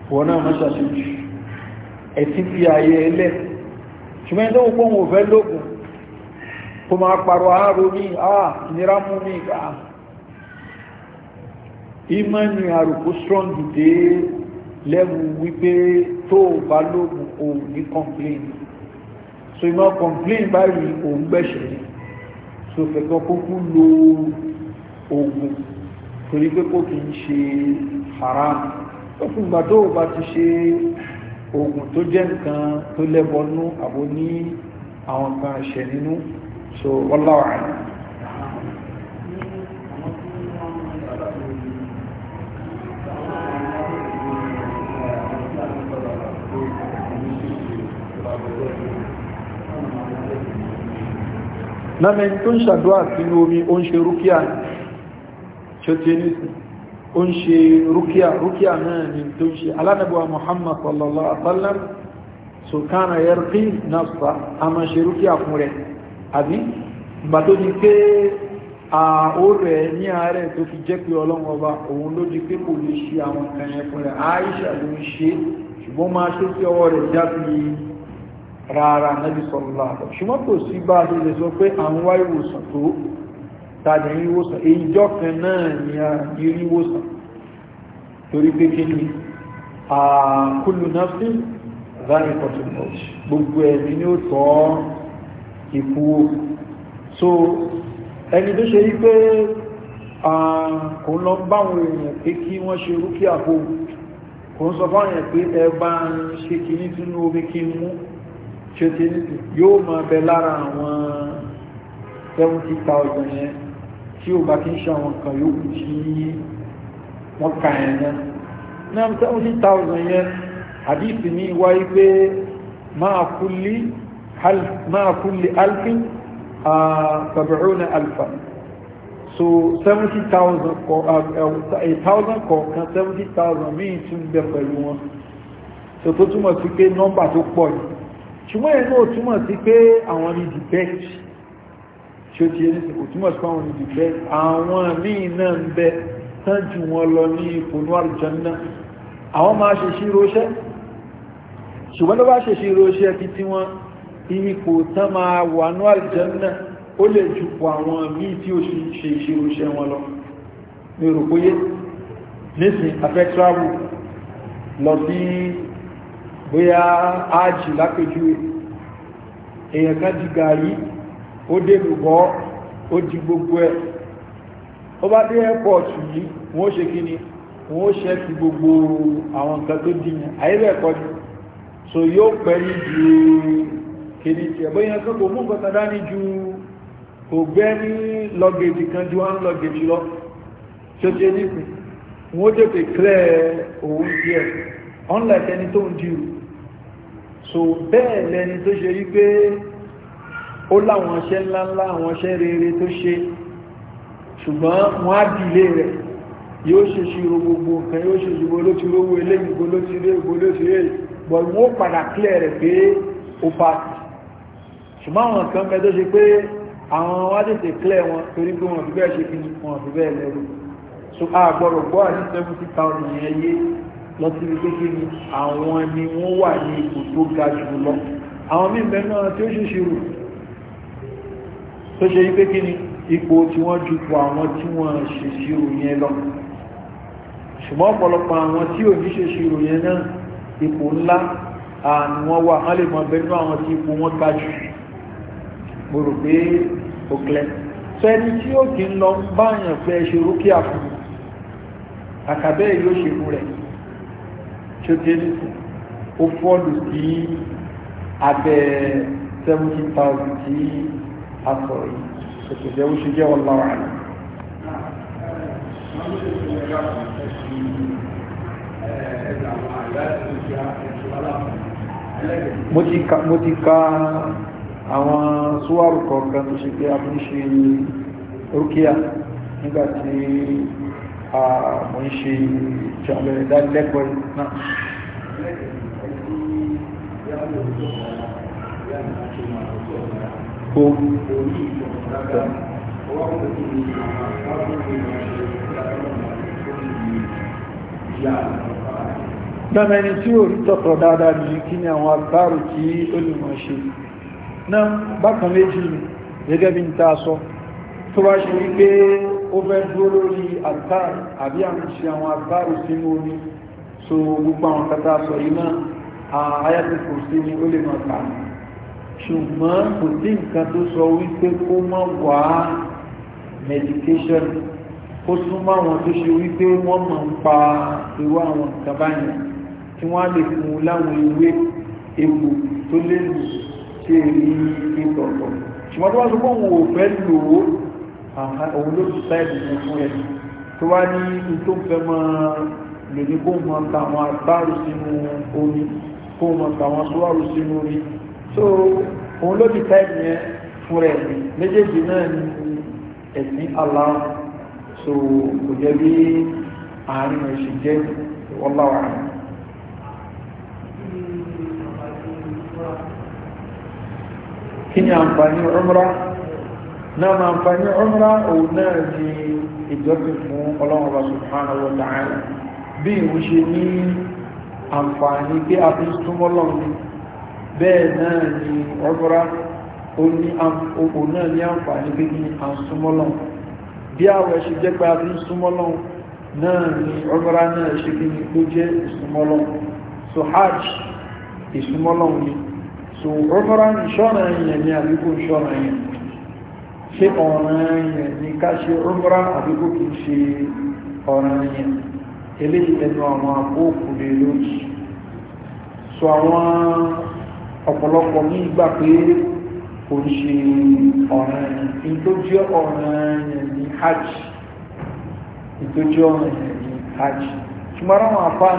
ìwọ náà mọ́ ṣàṣejù ẹ̀sìn fi ààyè ẹlẹ́ ṣùgbọ́n tó gbogbo òun fẹ́ lóògùn tó máa parọ̀ àárò ní àà ah, ìnira mú ní ìgbà ah. ìmọ̀ni àrùkú strong dé lẹ́wù wípé tó bá lóògùn òun ní complain so ìmọ̀ complain báyìí òun gbẹ̀ṣẹ̀ ni sòfẹ̀tọ́ kókó lo oògùn torí pé kò kí ń ṣe haram ó fún ìgbà tó bá ti ṣe oògùn tó jẹ́ nǹkan tó lẹ́bọnú àbó ní àwọn nǹkan ṣẹ̀ nínú so wallahu a'lam lámẹ́ tó ń ṣàdúwà sínú omi ó ń ṣe rúkíà ṣọ́tíẹ́nìsì ó ń ṣe rúkíà rúkíà náà ni tó ń ṣe alánàbíwá muhammad sallallahu alaihi wasallam so kánà yẹrùkí nafsa a máa ṣe rúkíà fún rẹ̀ àbí ìgbà tó di pé ó rẹ̀ ní ààrẹ tó fi jẹ́ pé ọlọ́run òun ló di pé kò lè ṣe àwọn kan yẹn fún rẹ̀ àìṣà ló ń ṣe ṣùgbọ́n máa ṣe rárá náàbí sọ́lọ́lá àtọ̀ ṣùgbọ́n kò sí bá a lè sọ pé à ń wá ìwòsàn tó tàbí rí ìwòsàn ìjọ kan náà ni a ní rí ìwòsàn torí pé kí ni àkúlù náàfí ráyìn pọ̀tùmọ̀tì gbogbo ẹ̀mí ni ó tọ́ ikú so ẹni kò ń sọ fáwọn èèyàn pé ẹ bá ń ṣe kìíní omi kí n mú ṣe ti yóò máa bẹ lára àwọn seventy thousand yẹn tí ó bá kí ń ṣe àwọn nǹkan yòókù tí wọ́n kà yẹn náà náà seventy thousand yẹn hadith ní wáyé pé máa kulli máa alfin sab'una alfa so seventy thousand kọ a thousand kọ̀ọ̀kan seventy thousand míì tún bẹ pẹ̀lú wọn so tó túmọ̀ sí pé nọ́mbà tó pọ̀ yìí ṣùgbọ́n ẹ̀nà ò túmọ̀ sí pé àwọn ní the best ṣe ti ẹni ò túmọ̀ sí pé àwọn ní the best àwọn míì náà ń bẹ tán jù wọn lọ ní ìpònú àrùjọ́nà àwọn máa ṣe sí roṣẹ́ ṣùgbọ́n tó bá ṣe sí roṣẹ́ fi tí wọ́n ipò tán máa wà ní àrùjọ́nà ó lè jùpọ̀ àwọn míì tí ó ṣe ìṣiroṣẹ́ wọn lọ mi rò nísìn afẹ́ travel lọ sí bóyá ájì lápèjúwe èèyàn kan di gàrí ó dé lùbọ́ ó di gbogbo ẹ̀ ó bá dé ẹ́pọ̀tù yìí wọ́n ṣe kí ni wọ́n ṣe fi gbogbo àwọn nǹkan tó dìyàn ayébẹ̀ẹ́kọ́ ni so yóò pẹ́ ní ju kìíní tí ẹ̀bọ́ yẹn kọ́kọ́ mú nǹkan tàdá ní ju kò gbẹ́ ní lọ́gẹ̀ẹ́jì kan ju wọ́n lọ́gẹ̀ẹ́jì lọ tí ó ti ní pé wọ́n tètè clear òun díẹ̀ unlike ẹni tó ń so bẹ́ẹ̀ lẹni tó ṣe rí pé ó láwọn ṣẹ́ ńláńlá àwọn ṣẹ́ rere tó ṣe ṣùgbọ́n wọ́n á dìlé rẹ̀ yóò ṣe ṣírò gbogbo nǹkan yóò ṣe ṣùgbọ́n ló ti rówó eléyìí gbogbo ló ti rí gbogbo ló ti rí bọ̀ wọ́n padà clear rẹ̀ pé ó pàtì ṣùgbọ́n àwọn nǹkan bẹ tó ṣe pé àwọn wá tètè clear wọn torí pé wọn fi bẹ́ẹ̀ ṣe kí wọn lọ sí ibi kékeré ni àwọn ni wọ́n wà ní ipò tó ga jù lọ àwọn mímẹ́ náà tí ó ṣe ṣe tó ṣe ipé kí ni ipò tí wọ́n ju po àwọn tí wọ́n ṣe ṣe rò yẹn lọ ṣùgbọ́n ọ̀pọ̀lọpọ̀ àwọn tí ò ní ṣe ṣe rò yẹn náà ipò ńlá àni wọ́n wà wọ́n lè mọ bẹ́ẹ̀ àwọn tí ipò wọn ga jù mo rò pé ó klẹ́ sọ tí ó kì ń lọ báyàn fẹ́ ṣe rúkìá fún un àkàbẹ́ yóò ṣe fún rẹ̀ ṣókèlìsì ó fọ́ọ̀lù sí abẹ́ 70,000 tí a sọ̀rọ̀ yìí ṣètò jẹ́ ó ṣe jẹ́ wọn láwọn àná mo ti ka àwọn súwárù kọ̀ọ̀kan tó ṣe pé a fi ń ṣe rúkíà nígbàtí mo ń ṣe ìjọlẹ̀ ìdánilẹ́kọ̀ọ́ náà Dáma ẹni tí ó rí tọ́tọ̀ dáadáa ní kí ni àwọn agbárò tí ó lè mọ̀ ṣe. Náà bákan méjì gẹ́gẹ́ bí n ta sọ, tó bá ṣe wípé ó fẹ́ dúró lórí àtàrí àbí àwọn ṣe àwọn àtàrí sínú omi so gbogbo àwọn kata sọ yìí náà ayatul kursi ni ó lè máa kà ṣùgbọ́n kò sí nǹkan tó sọ wípé kó má wá medication ó súnmọ́ àwọn tó ṣe wípé wọ́n mọ̀ ń pa irú àwọn nǹkan báyìí tí wọ́n á lè fún un láwọn ewé egbò tó lè lù ṣe èrí ìtọ̀tọ̀ ṣùgbọ́n tó wá sọ pé òun ò fẹ́ lò ó òun ló ti sáyẹ̀ tuntun fún ẹ tó wá ní tó ń fẹ́ mọ́ lèmi kó mọ so òun ló ti sáyẹ̀ yẹn fún rẹ̀ méjèèjì náà ni ẹ̀sìn Allah so kò jẹ́ bí àárín rẹ̀ ṣe jẹ́ wallahu a'lam. kí ni àǹfààní umrah náà máa ń fa ní ọmọrá òun náà di ìjọsìn fún ọlọ́run ọba subhanahu wa ta'ala bí ìwú ṣe ní àǹfààní pé a fi súnmọ́ lọ́run bẹ́ẹ̀ náà ni ọmọrá òun náà ní àǹfààní pé ní à bí àwẹ̀ ṣe jẹ́ pé a fi súnmọ́ náà ni ọmọrá náà ṣe kí ni ó jẹ́ ìsúnmọ́ so hajj ìsúnmọ́ ni so ọmọrá ní ṣọ́ra ẹ̀yìn ni àbíkú ṣọ́ra ẹ̀yìn ṣe ọ̀ràn yẹn ní ká ṣe umra àdúgbò kì í ṣe ọ̀ràn yẹn eléyìí ẹnu àwọn àkókò lè lójì so àwọn ọ̀pọ̀lọpọ̀ ní ìgbà pé kò ń ṣe ọ̀ràn yẹn ní tó jẹ́ ọ̀ràn yẹn ní hajj ní tó jẹ́ ọ̀ràn yẹn ní hajj ṣùgbọ́n àwọn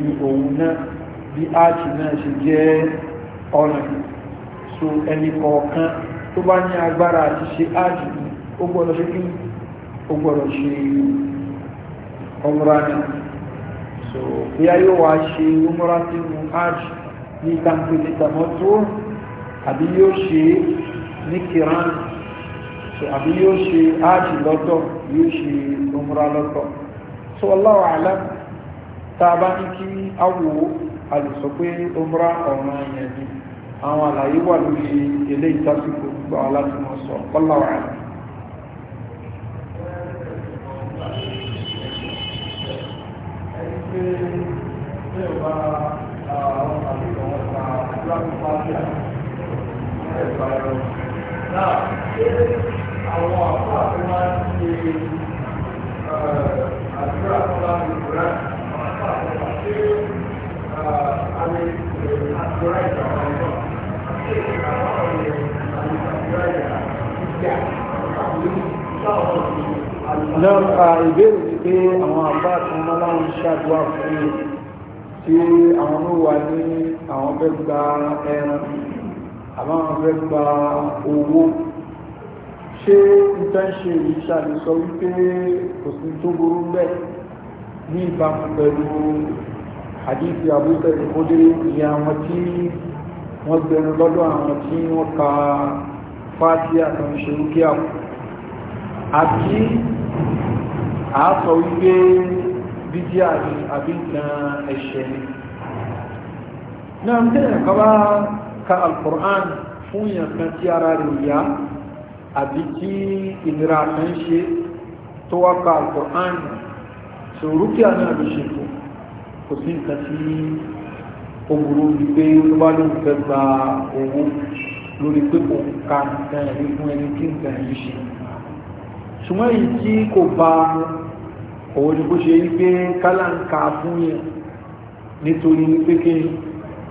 ni òun náà bí hajj náà ṣe jẹ́ ọ̀ràn so ẹni kọ̀ọ̀kan tó bá ní agbára àti ṣe ájì ó gbọ́dọ̀ ṣe kí ó gbọ́dọ̀ ṣe ọmọránà so bí a yóò wá ṣe ọmọrá tí mú ájì ní tàǹpẹ̀lẹ̀ tàmọ́tò àbí yóò ṣe ní kìrán so àbí yóò ṣe ájì lọ́tọ̀ yóò ṣe ọmọrá lọ́tọ̀ so Allahu a'lam tá a bá ní kí awo alùsọ pé ọmọrá ọ̀ràn yẹn ni àwọn àlàyé wà lórí ilé ìtàsíkò gbà láti mọ̀ sọ pọ́láwàá ń ṣàdúrà fún yìí tí àwọn ló wà ní àwọn fẹ́ gba ẹran àbáwọn fẹ́ gba owó ṣé nǹkan ṣe ìṣàlẹ̀ sọ wípé kò sí tó burú bẹ́ẹ̀ ní ìbámu pẹ̀lú àdífi àbúkẹ́ ìkódé ìyá àwọn tí wọ́n gbẹ̀rún lọ́dọ̀ àwọn tí wọ́n ka fàájí àtàrí ṣerúkí àpò àti àásọ wípé bídíà ni àbí nǹkan ẹ̀ṣẹ̀ ni náà tẹ́lẹ̀ kọ́ bá ka alkùrán fún yàn kan tí ara rẹ̀ yá àbí tí ìnira kan ṣe tó wá ka alkùrán sòrúkìá náà ló ṣe fún kò sí nǹkan tí ó burú wípé ó bá lóun fẹ́ gba owó lórí pé kò ka nǹkan ẹ̀rí fún ẹni tí nǹkan yìí ṣe ṣùgbọ́n èyí tí kò bá òun ni bó ṣe rí pé kálá ń ka fún yẹn nítorí pé kí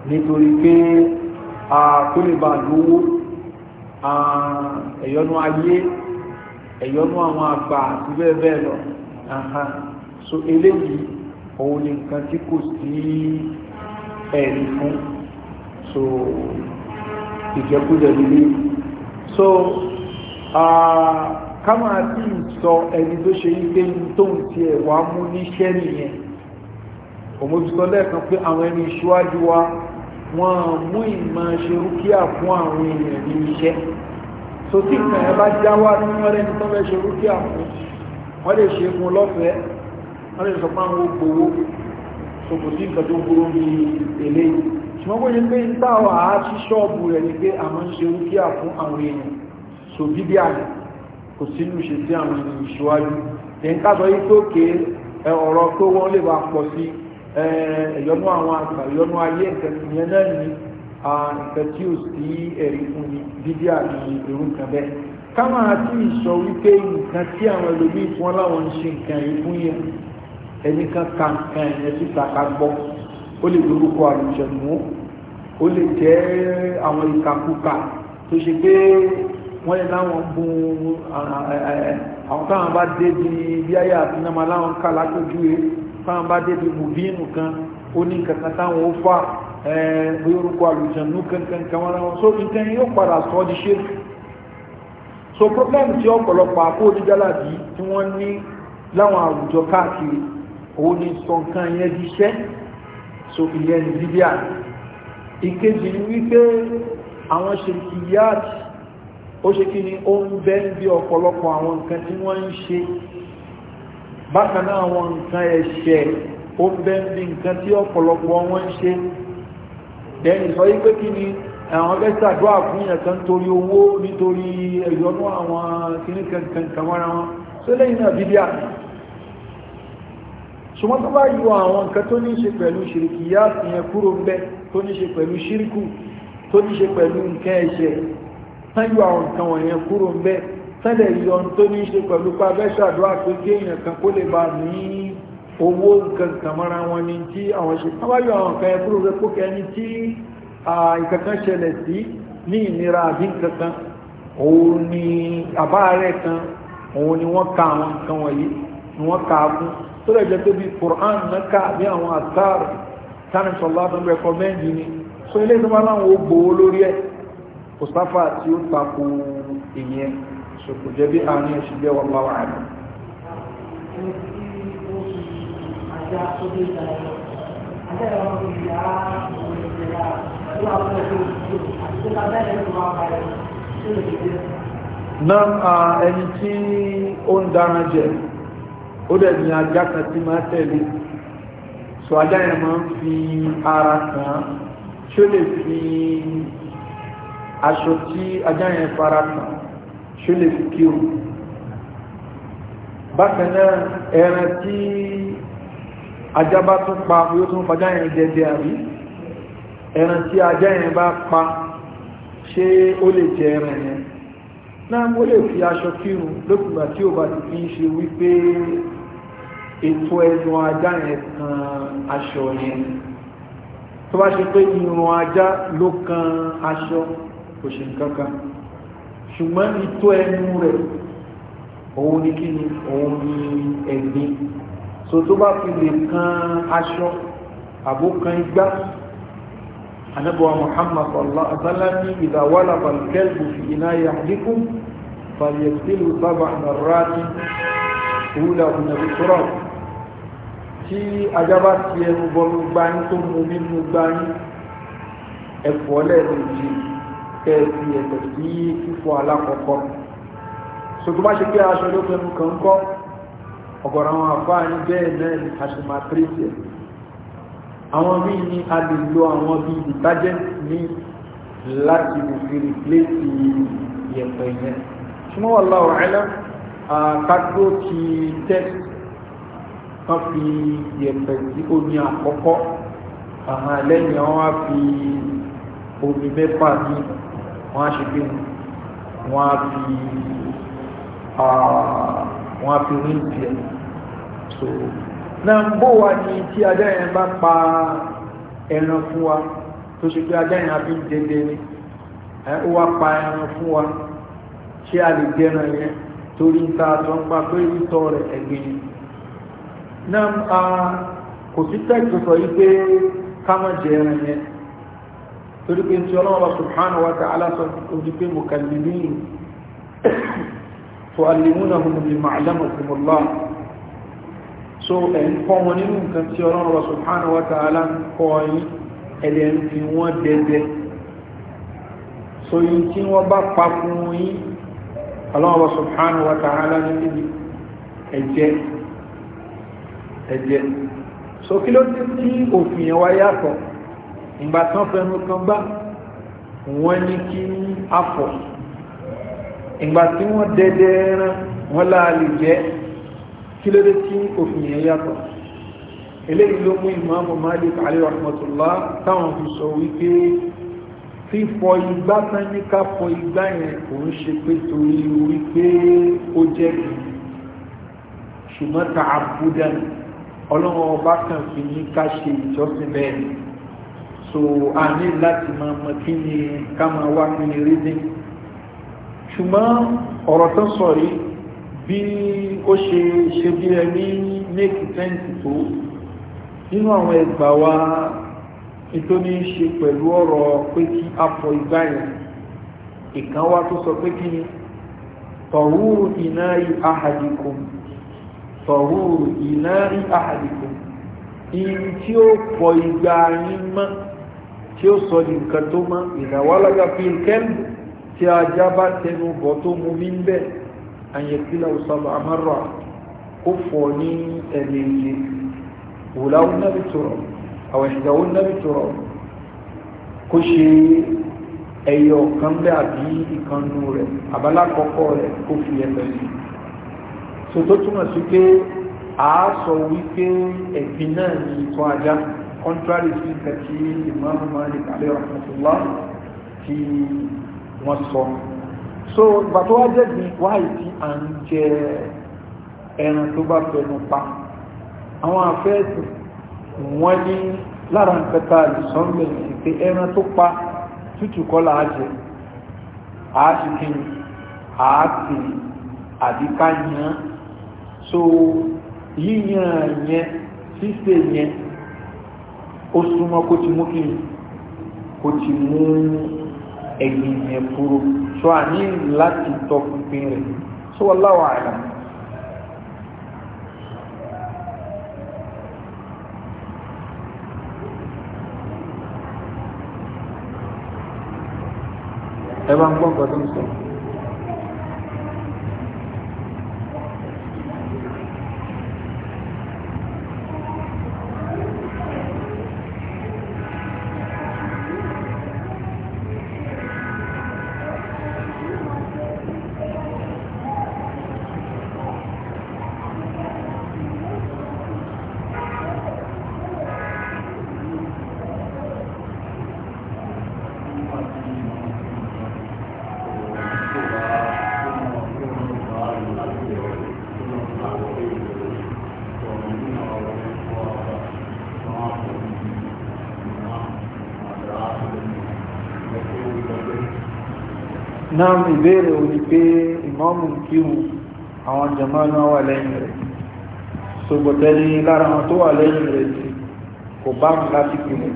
nítorí pé kó lè bá lówó ẹ̀yọ́nú ayé ẹ̀yọ́nú àwọn àgbà àti bẹ́ẹ̀ bẹ́ẹ̀ lọ so eléyìí òun ni nǹkan tí kò sí ẹ̀rí fún so ìjẹkújẹ lílé so. Uh, Kama ati bí sọ ẹni tó ṣe ike tó ń ti ẹ̀wà mú níṣẹ́ nìyẹn òmòtútọ́ lẹ́ẹ̀kan pé àwọn ẹni ìṣíwájú wa wọ́n mú ìmọ̀ ṣe rúkíà fún àwọn èèyàn ní iṣẹ́ so tí nǹkan ẹ bá já wá ní wọ́n rẹ́ni tó fẹ́ ṣe rúkíà fún wọ́n lè ṣe fún lọ́fẹ̀ẹ́ wọ́n lè sọ pé àwọn gbowó so kò sí nǹkan tó burú ní eléyìí ṣùgbọ́n kó ṣe pé ń táwà á sí ṣọ́ọ̀bù rẹ̀ ni pé àwọn ń ṣe rúkíà fún àwọn èèyàn so bíbí àná kò sínú ṣe sí àwọn ènìyàn ìṣíwájú ẹ̀ǹká sọ yìí tókè ọ̀rọ̀ pé wọ́n lè bá pọ̀ sí ẹ̀yọ́nú àwọn àgbà ẹ̀yọ́nú ayé ìyẹn náà ní nǹkan sí ẹ̀rí fún ni dídí àmì irú nǹkan bẹ́ẹ̀ ká máa tí ì sọ wípé nǹkan tí àwọn ẹlòmíì tí wọ́n láwọn ń ṣe nǹkan yìí fún yẹn ẹni kan ka nǹkan ẹ̀yẹn síta ká gbọ́ ó lè lórúkọ àlùjẹ̀mú ó lè jẹ́ àwọn ìkàkùkà tó ṣe pé wọ́n yẹ láwọn bùn àwọn táwọn bá dé bí bí ayé àtinamọ́ láwọn ká látójú rẹ̀ e. táwọn bá dé bí mùbínú kan ó ní kankan táwọn ó fà bí orúkọ àlùjànnú kankan kan wọn láwọn so nǹkan yóò padà sọ ọ́ di ṣéèkì so problem tí ọ̀pọ̀lọpọ̀ àpò onígbàlàbí tí wọ́n ní láwọn àwùjọ káàkiri òun ni sọ nǹkan yẹn di iṣẹ́ so ìyẹn ní bíbíà ìkejì ni wípé àwọn ṣèkìyàtì ó ṣe kí ni ó ń bẹ́ bí ọ̀pọ̀lọpọ̀ àwọn nǹkan tí wọ́n ń ṣe bákan náà àwọn nǹkan ẹ̀ṣẹ̀ ó ń bẹ́ bí nǹkan tí ọ̀pọ̀lọpọ̀ wọ́n ń ṣe dẹ́ni sọ yí pé kí ni àwọn fẹ́sàdúrà fún ẹ̀kan torí owó nítorí ẹ̀yọ́nú àwọn kìnnìkankan kàmọ́ra wọn tó lẹ́yìn náà bíbí àmì ṣùgbọ́n tó bá yíwa àwọn nǹkan tó ní ṣe pẹ̀lú ṣìrìkì yá ìyẹn kúrò ń bẹ́ tó ní ṣe pẹ̀lú ṣíríkù tó ní ṣe pẹ̀lú nǹkan ẹ̀ṣẹ̀ sáyọ àwọn nǹkan wọ̀nyẹn kúrò ń bẹ́ sẹ́lẹ̀ yọ tó ní ṣe pẹ̀lú pa abẹ́ṣàdúrà pé kí èèyàn kan kó lè bá ní owó nǹkan kan mọ́ra wọn ni tí àwọn ṣe sábáyọ àwọn nǹkan yẹn kúrò rẹ kó kẹni tí ìkankan ṣẹlẹ̀ sí ní ìnira àbí nǹkankan òun ni àbá rẹ̀ kan òun ni wọ́n ka àwọn nǹkan wọ̀nyí ni wọ́n ka fún tó lè tó bí Qur'an náà ká bí àwọn àtàrà tánìsọ̀lá tó ń rẹ̀kọ́mẹ́ndì ni so ilé ìsọ́mọ́ láwọn ó gbowó lórí ẹ̀ kò sáfà tí ó tako ìyẹn so kò jẹ́ bí àárín ẹ̀ṣì jẹ́ wọn bá wà ní náà ẹni tí ó ń dára jẹ ó dẹ̀ ní ajá kan tí máa tẹ̀lé so ajá yẹn máa ń fi ara kan ṣó lè fi aṣọ tí ajá yẹn fara tàn ṣó lè fi kí o bákan náà ẹran tí ajá bá tún pa yóò tún fajá yẹn dẹdẹ àrí ẹran tí ajá yẹn bá pa ṣé ó lè jẹ ẹran yẹn náà mo lè fi aṣọ kírun lókùnbà tí ó bá ti fi ṣe wípé ètò ẹnu ajá kan aṣọ yẹn tó bá ṣe pé irun ajá ló kan aṣọ kò ṣe nǹkan kan ṣùgbọ́n ìtò ẹnu rẹ̀ òun ni kí ni òun ni ẹ̀gbin so tó bá fi lè kan aṣọ àbó kan igbá anabuwa muhammad sallallahu alaihi wasallam ni idha walaba al-kalbu fi ina'i ahadikum falyagsilu sab'a marratin ìwúlàkùnà ìtura tí ajá bá ti ẹnu bọnu gbáyín tó mú mímú gbáyín ẹ̀fọ́ lẹ́ẹ̀mejì kẹ́ẹ̀fì ẹ̀tẹ̀ sí fífọ alákọ̀ọ́kọ́ so tó bá ṣe pé aṣọ ló fẹnu kàn ń kọ́ ọ̀gọ̀rọ̀ àwọn àfáà ní bẹ́ẹ̀ náà ní aṣèmátírísì ẹ̀ àwọn míì ní a lè lo àwọn bí detergent ní láti lè fi rìpléṣì yẹ̀pẹ̀ yẹn ṣùgbọ́n wà láwọ̀ ẹ̀lẹ́ àkágbó ti tẹ́ẹ̀sì kan fi yẹ̀pẹ̀ sí omi àkọ́kọ́ àwọn àlẹ́yìn wọn wá fi omi mẹ́fà ní wọ́n á ṣe pé wọ́n á fi wọ́n fi rí ìpìlẹ̀ so náà bó wà ní tí ajá bá pa ẹran fún wa tó ṣe pé pa ẹran fún wa a lè yẹn torí ń ta àtọ́ ń pa pé ìtọ́ rẹ̀ kò sí sọ torí pé tí ọlọ́wọ́ subhanahu wa ta'ala sọ ojú pé mukallimin tu'allimunahum bima 'allamakumullah so ẹ̀ ń kọ́ wọn nínú nǹkan tí ọlọ́wọ́ subhanahu wa ta'ala ń kọ́ yín ẹ̀lẹ́ ń fi wọ́n dẹ́dẹ́ yìí tí wọ́n bá ìgbà tán fẹnu kan gbá wọ́n ní kí afọ̀ ìgbà tí wọ́n dẹ́dẹ́ ẹran wọ́n láàlì jẹ́ kí ló dé tí òfin yẹn yàtọ̀ eléyìí ló mú ìmáàmù Malik alayhi rahmatullah táwọn fi sọ wípé fífọ ọlọ́run ọba kan fi ní ká ṣe ìjọsìn bẹ́ẹ̀ so a ní láti máa mọ kí ni ká máa wá kí ni rí dín ṣùgbọ́n ọ̀rọ̀ tó sọ yìí bí ó ṣe ṣe bí ẹni make sense tó nínú àwọn ẹgbà wa ètò ní í ṣe pẹ̀lú ọ̀rọ̀ pé kí a fọ igbá yẹn ìkan wá tó sọ pé kí ni tọ̀húrù iná ahàdìkùn tọ̀húrù iná ahàdìkùn in tí ó fọ igbá yín mọ́ tí ó sọ di nǹkan tó mọ́ ìdáwálága fi kẹ́lù tí ajá bá tẹnu bọ̀ tó mú mi ń bẹ̀ àyẹ̀kílà òsàlọ̀ àmárà ó fọ̀ ní ẹ̀mẹ̀yẹ òláwó náàbì tọrọ àwẹ̀ṣìdáwó náàbì tọrọ kó ṣe ẹyọ kan bẹ́ àbí ìkànnù rẹ̀ àbálá kọ́kọ́ rẹ̀ kó fi ẹ̀mẹ̀ sí so tó túmọ̀ sí pé àá sọ wípé ẹ̀gbin náà ní ìtọ́ ajá contrary sí nǹkan tí imam malik alayhi rahmatullah tí wọ́n sọ so ìgbà tó wá jẹ́ gbin wáyé tí à ń jẹ ẹran tó bá fẹnu pa àwọn afẹ́ẹ̀sì wọ́n ní lára nǹkan tá a lè sọ ń bẹ̀rẹ̀ sí pé ẹran tó pa tútù kọ́ á jẹ àásìkí àásì àdíkáyàn so yíyan yẹn ṣíṣe yẹn ó súnmọ́ kó ti mú kí kó ti mú ẹ̀gbìn yẹn kúrò so a ní láti tọ́ pínpín rẹ̀ so wallahu a'lam. ẹ bá ń gbọ́ nǹkan tó ń sọ. naam ibere ò ní pé ìmọ́mù kíhù àwọn jàmáà náà wà lẹ́yìn rẹ̀ sọgbọ̀tẹ́ ní lára wọn tó wà lẹ́yìn rẹ̀ kò bá mú láti pinnu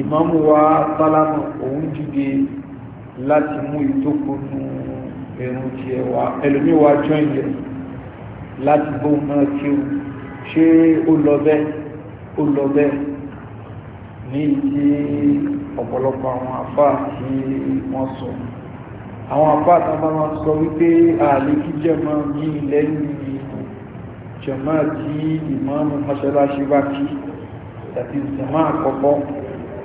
ìmọ̀mú wa sálámù òun dìde láti mú ìtókòónú ẹ̀rùn ti ẹ̀wà ẹlòmí wa join rẹ̀ láti bóun náà kí o ṣé ó lọ bẹ́ẹ̀ ó lọ bẹ́ẹ̀ ní ti ọ̀pọ̀lọpọ̀ àwọn àfá tí wọ́n sọ àwọn àfá tàbá máa sọ wípé ààlè kí jẹmọ́ ní ilẹ̀ ní jẹmọ́ tí ìmọ̀ọ́nù mọ́ṣáláṣí bá kí tàbí jẹmọ́ àkọ́kọ́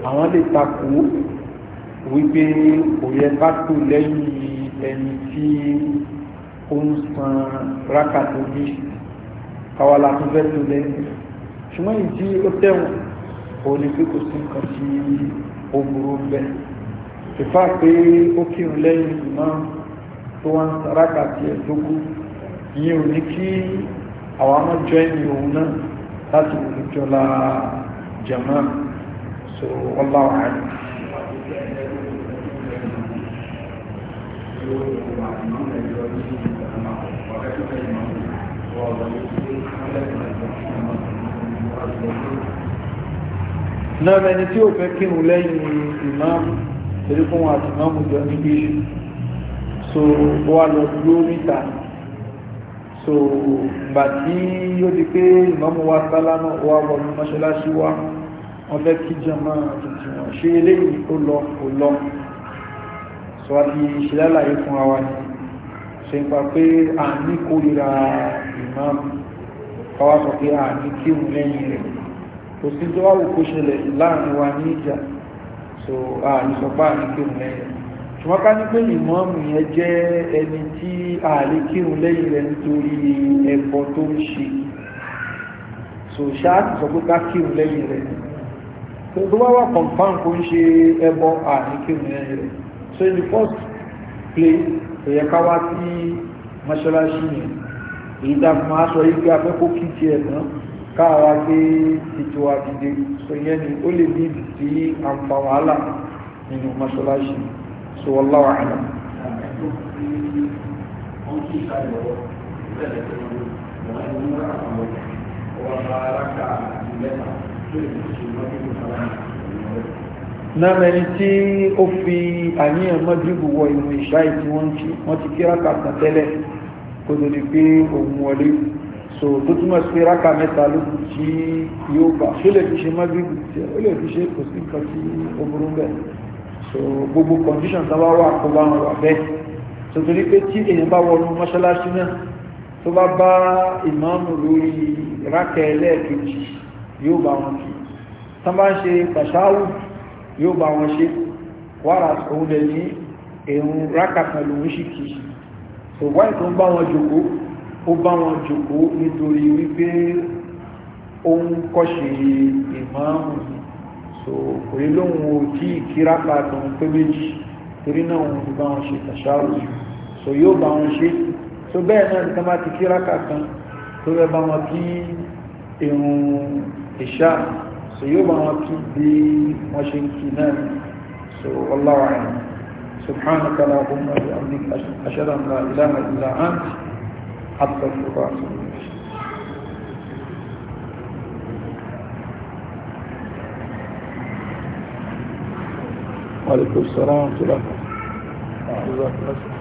àwọn lè takò wípé òye bá tò lẹ́yìn ẹni tí ó ń san rákàtó bí kawala tó fẹ́ tò lẹ́yìn ṣùgbọ́n ìdí ó tẹ̀wọ̀n òun pé kò sí nǹkan tí ó burú bẹ́ẹ̀ ìfà pé ó kírun lẹ́yìn ìmọ̀ tó wá ń saraka tiẹ̀ lókù ìyẹn ò ní kí àwọn ọmọ jọ ẹ̀yìn òun náà láti olùjọla jama so wallahu a'lam Thank you náà mẹni tí ó fẹ́ kírun lẹ́yìn ìmáàmù torí fún wọn àti ìmáàmù jọ níbi iṣu so wà lọ dúró níta so gbà tí ó di pé ìmáàmù wa sálámà wà wọlú mọ́ṣáláṣí wa wọ́n fẹ́ kí jẹmọ́ tuntun wọn ṣe eléyìí ó lọ kò lọ so a ti ṣẹlẹ́láyé fún wa ni ṣe pa pé à ní kórìíra ìmáàmù káwá sọ pé à ní kírun lẹ́yìn rẹ̀ kò sí tó wáwò kó ṣẹlẹ̀ láàrin wa ní ìjà so a ní sọpá ní kírun lẹ́yìn ṣùgbọ́n ká ní pé ìmọ̀ọ́mù yẹn jẹ́ ẹni tí a lè lẹ́yìn rẹ̀ nítorí ẹ̀bọ tó ń ṣe so ṣáà ti sọ pé ká kírun lẹ́yìn rẹ̀ so tó bá wà kọ̀ǹpán kó ń ṣe ẹbọ a lẹ́yìn rẹ̀ so in the first place ẹ̀yẹ ká wá sí mọ́ṣáláṣí yẹn èyí tá yìí pé afẹ́kọ́ kí tiẹ̀ náà káàwá pé ètò àdìdè sọyẹ́ ni ó lè bí ibi tí a ń fa wàhálà nínú mọ́ṣáláṣí sọ wọ́n láwà àná. náà ẹni tí ó fi àníyàn mọ́dúrúbù wọ ìwọ̀n ìṣáì tí wọ́n ti kí rákàtà tẹ́lẹ̀ kó tó di pé òun wọlé so tó túnmọ̀ sí ráka mẹ́ta ló kù tí yóò gbà ṣó lè fi ṣe mọ́gírìbì tí ó lè fi ṣe kò sí nǹkan tí ó burú bẹ́ẹ̀ so gbogbo condition tó bá wà kó bá wọn wà bẹ́ẹ̀ so torí pé tí èèyàn bá wọnú mọ́ṣáláṣí náà tó bá bá ìmáàmù lórí ráka ẹlẹ́ẹ̀kejì yóò bá wọn kí tán bá ń ṣe pàṣáwù yóò bá wọn ṣe wàrà òun lè ní èrùn ráka pẹ̀lú òun so wáì tó ń bá wọn jòkó ó bá wọn jòkó nítorí wípé ó ń kọ́ṣe ìmáàmù so kò yí lóhun ò tí ìkíraka tó ń pé méjì torí náà wọn bá wọn ṣe tàṣáwù so yóò bá wọn ṣe so bẹ́ẹ̀ náà nìkan bá ti kíraka kan tó fẹ́ bá wọn kí irun ìṣá so yóò bá wọn kí bí wọ́n ṣe ń kí náà so wallahu a'lam subhanaka allahumma wa bihamdika ashhadu an la ilaha illa حتى الشيطان وعليكم السلام ورحمة الله وبركاته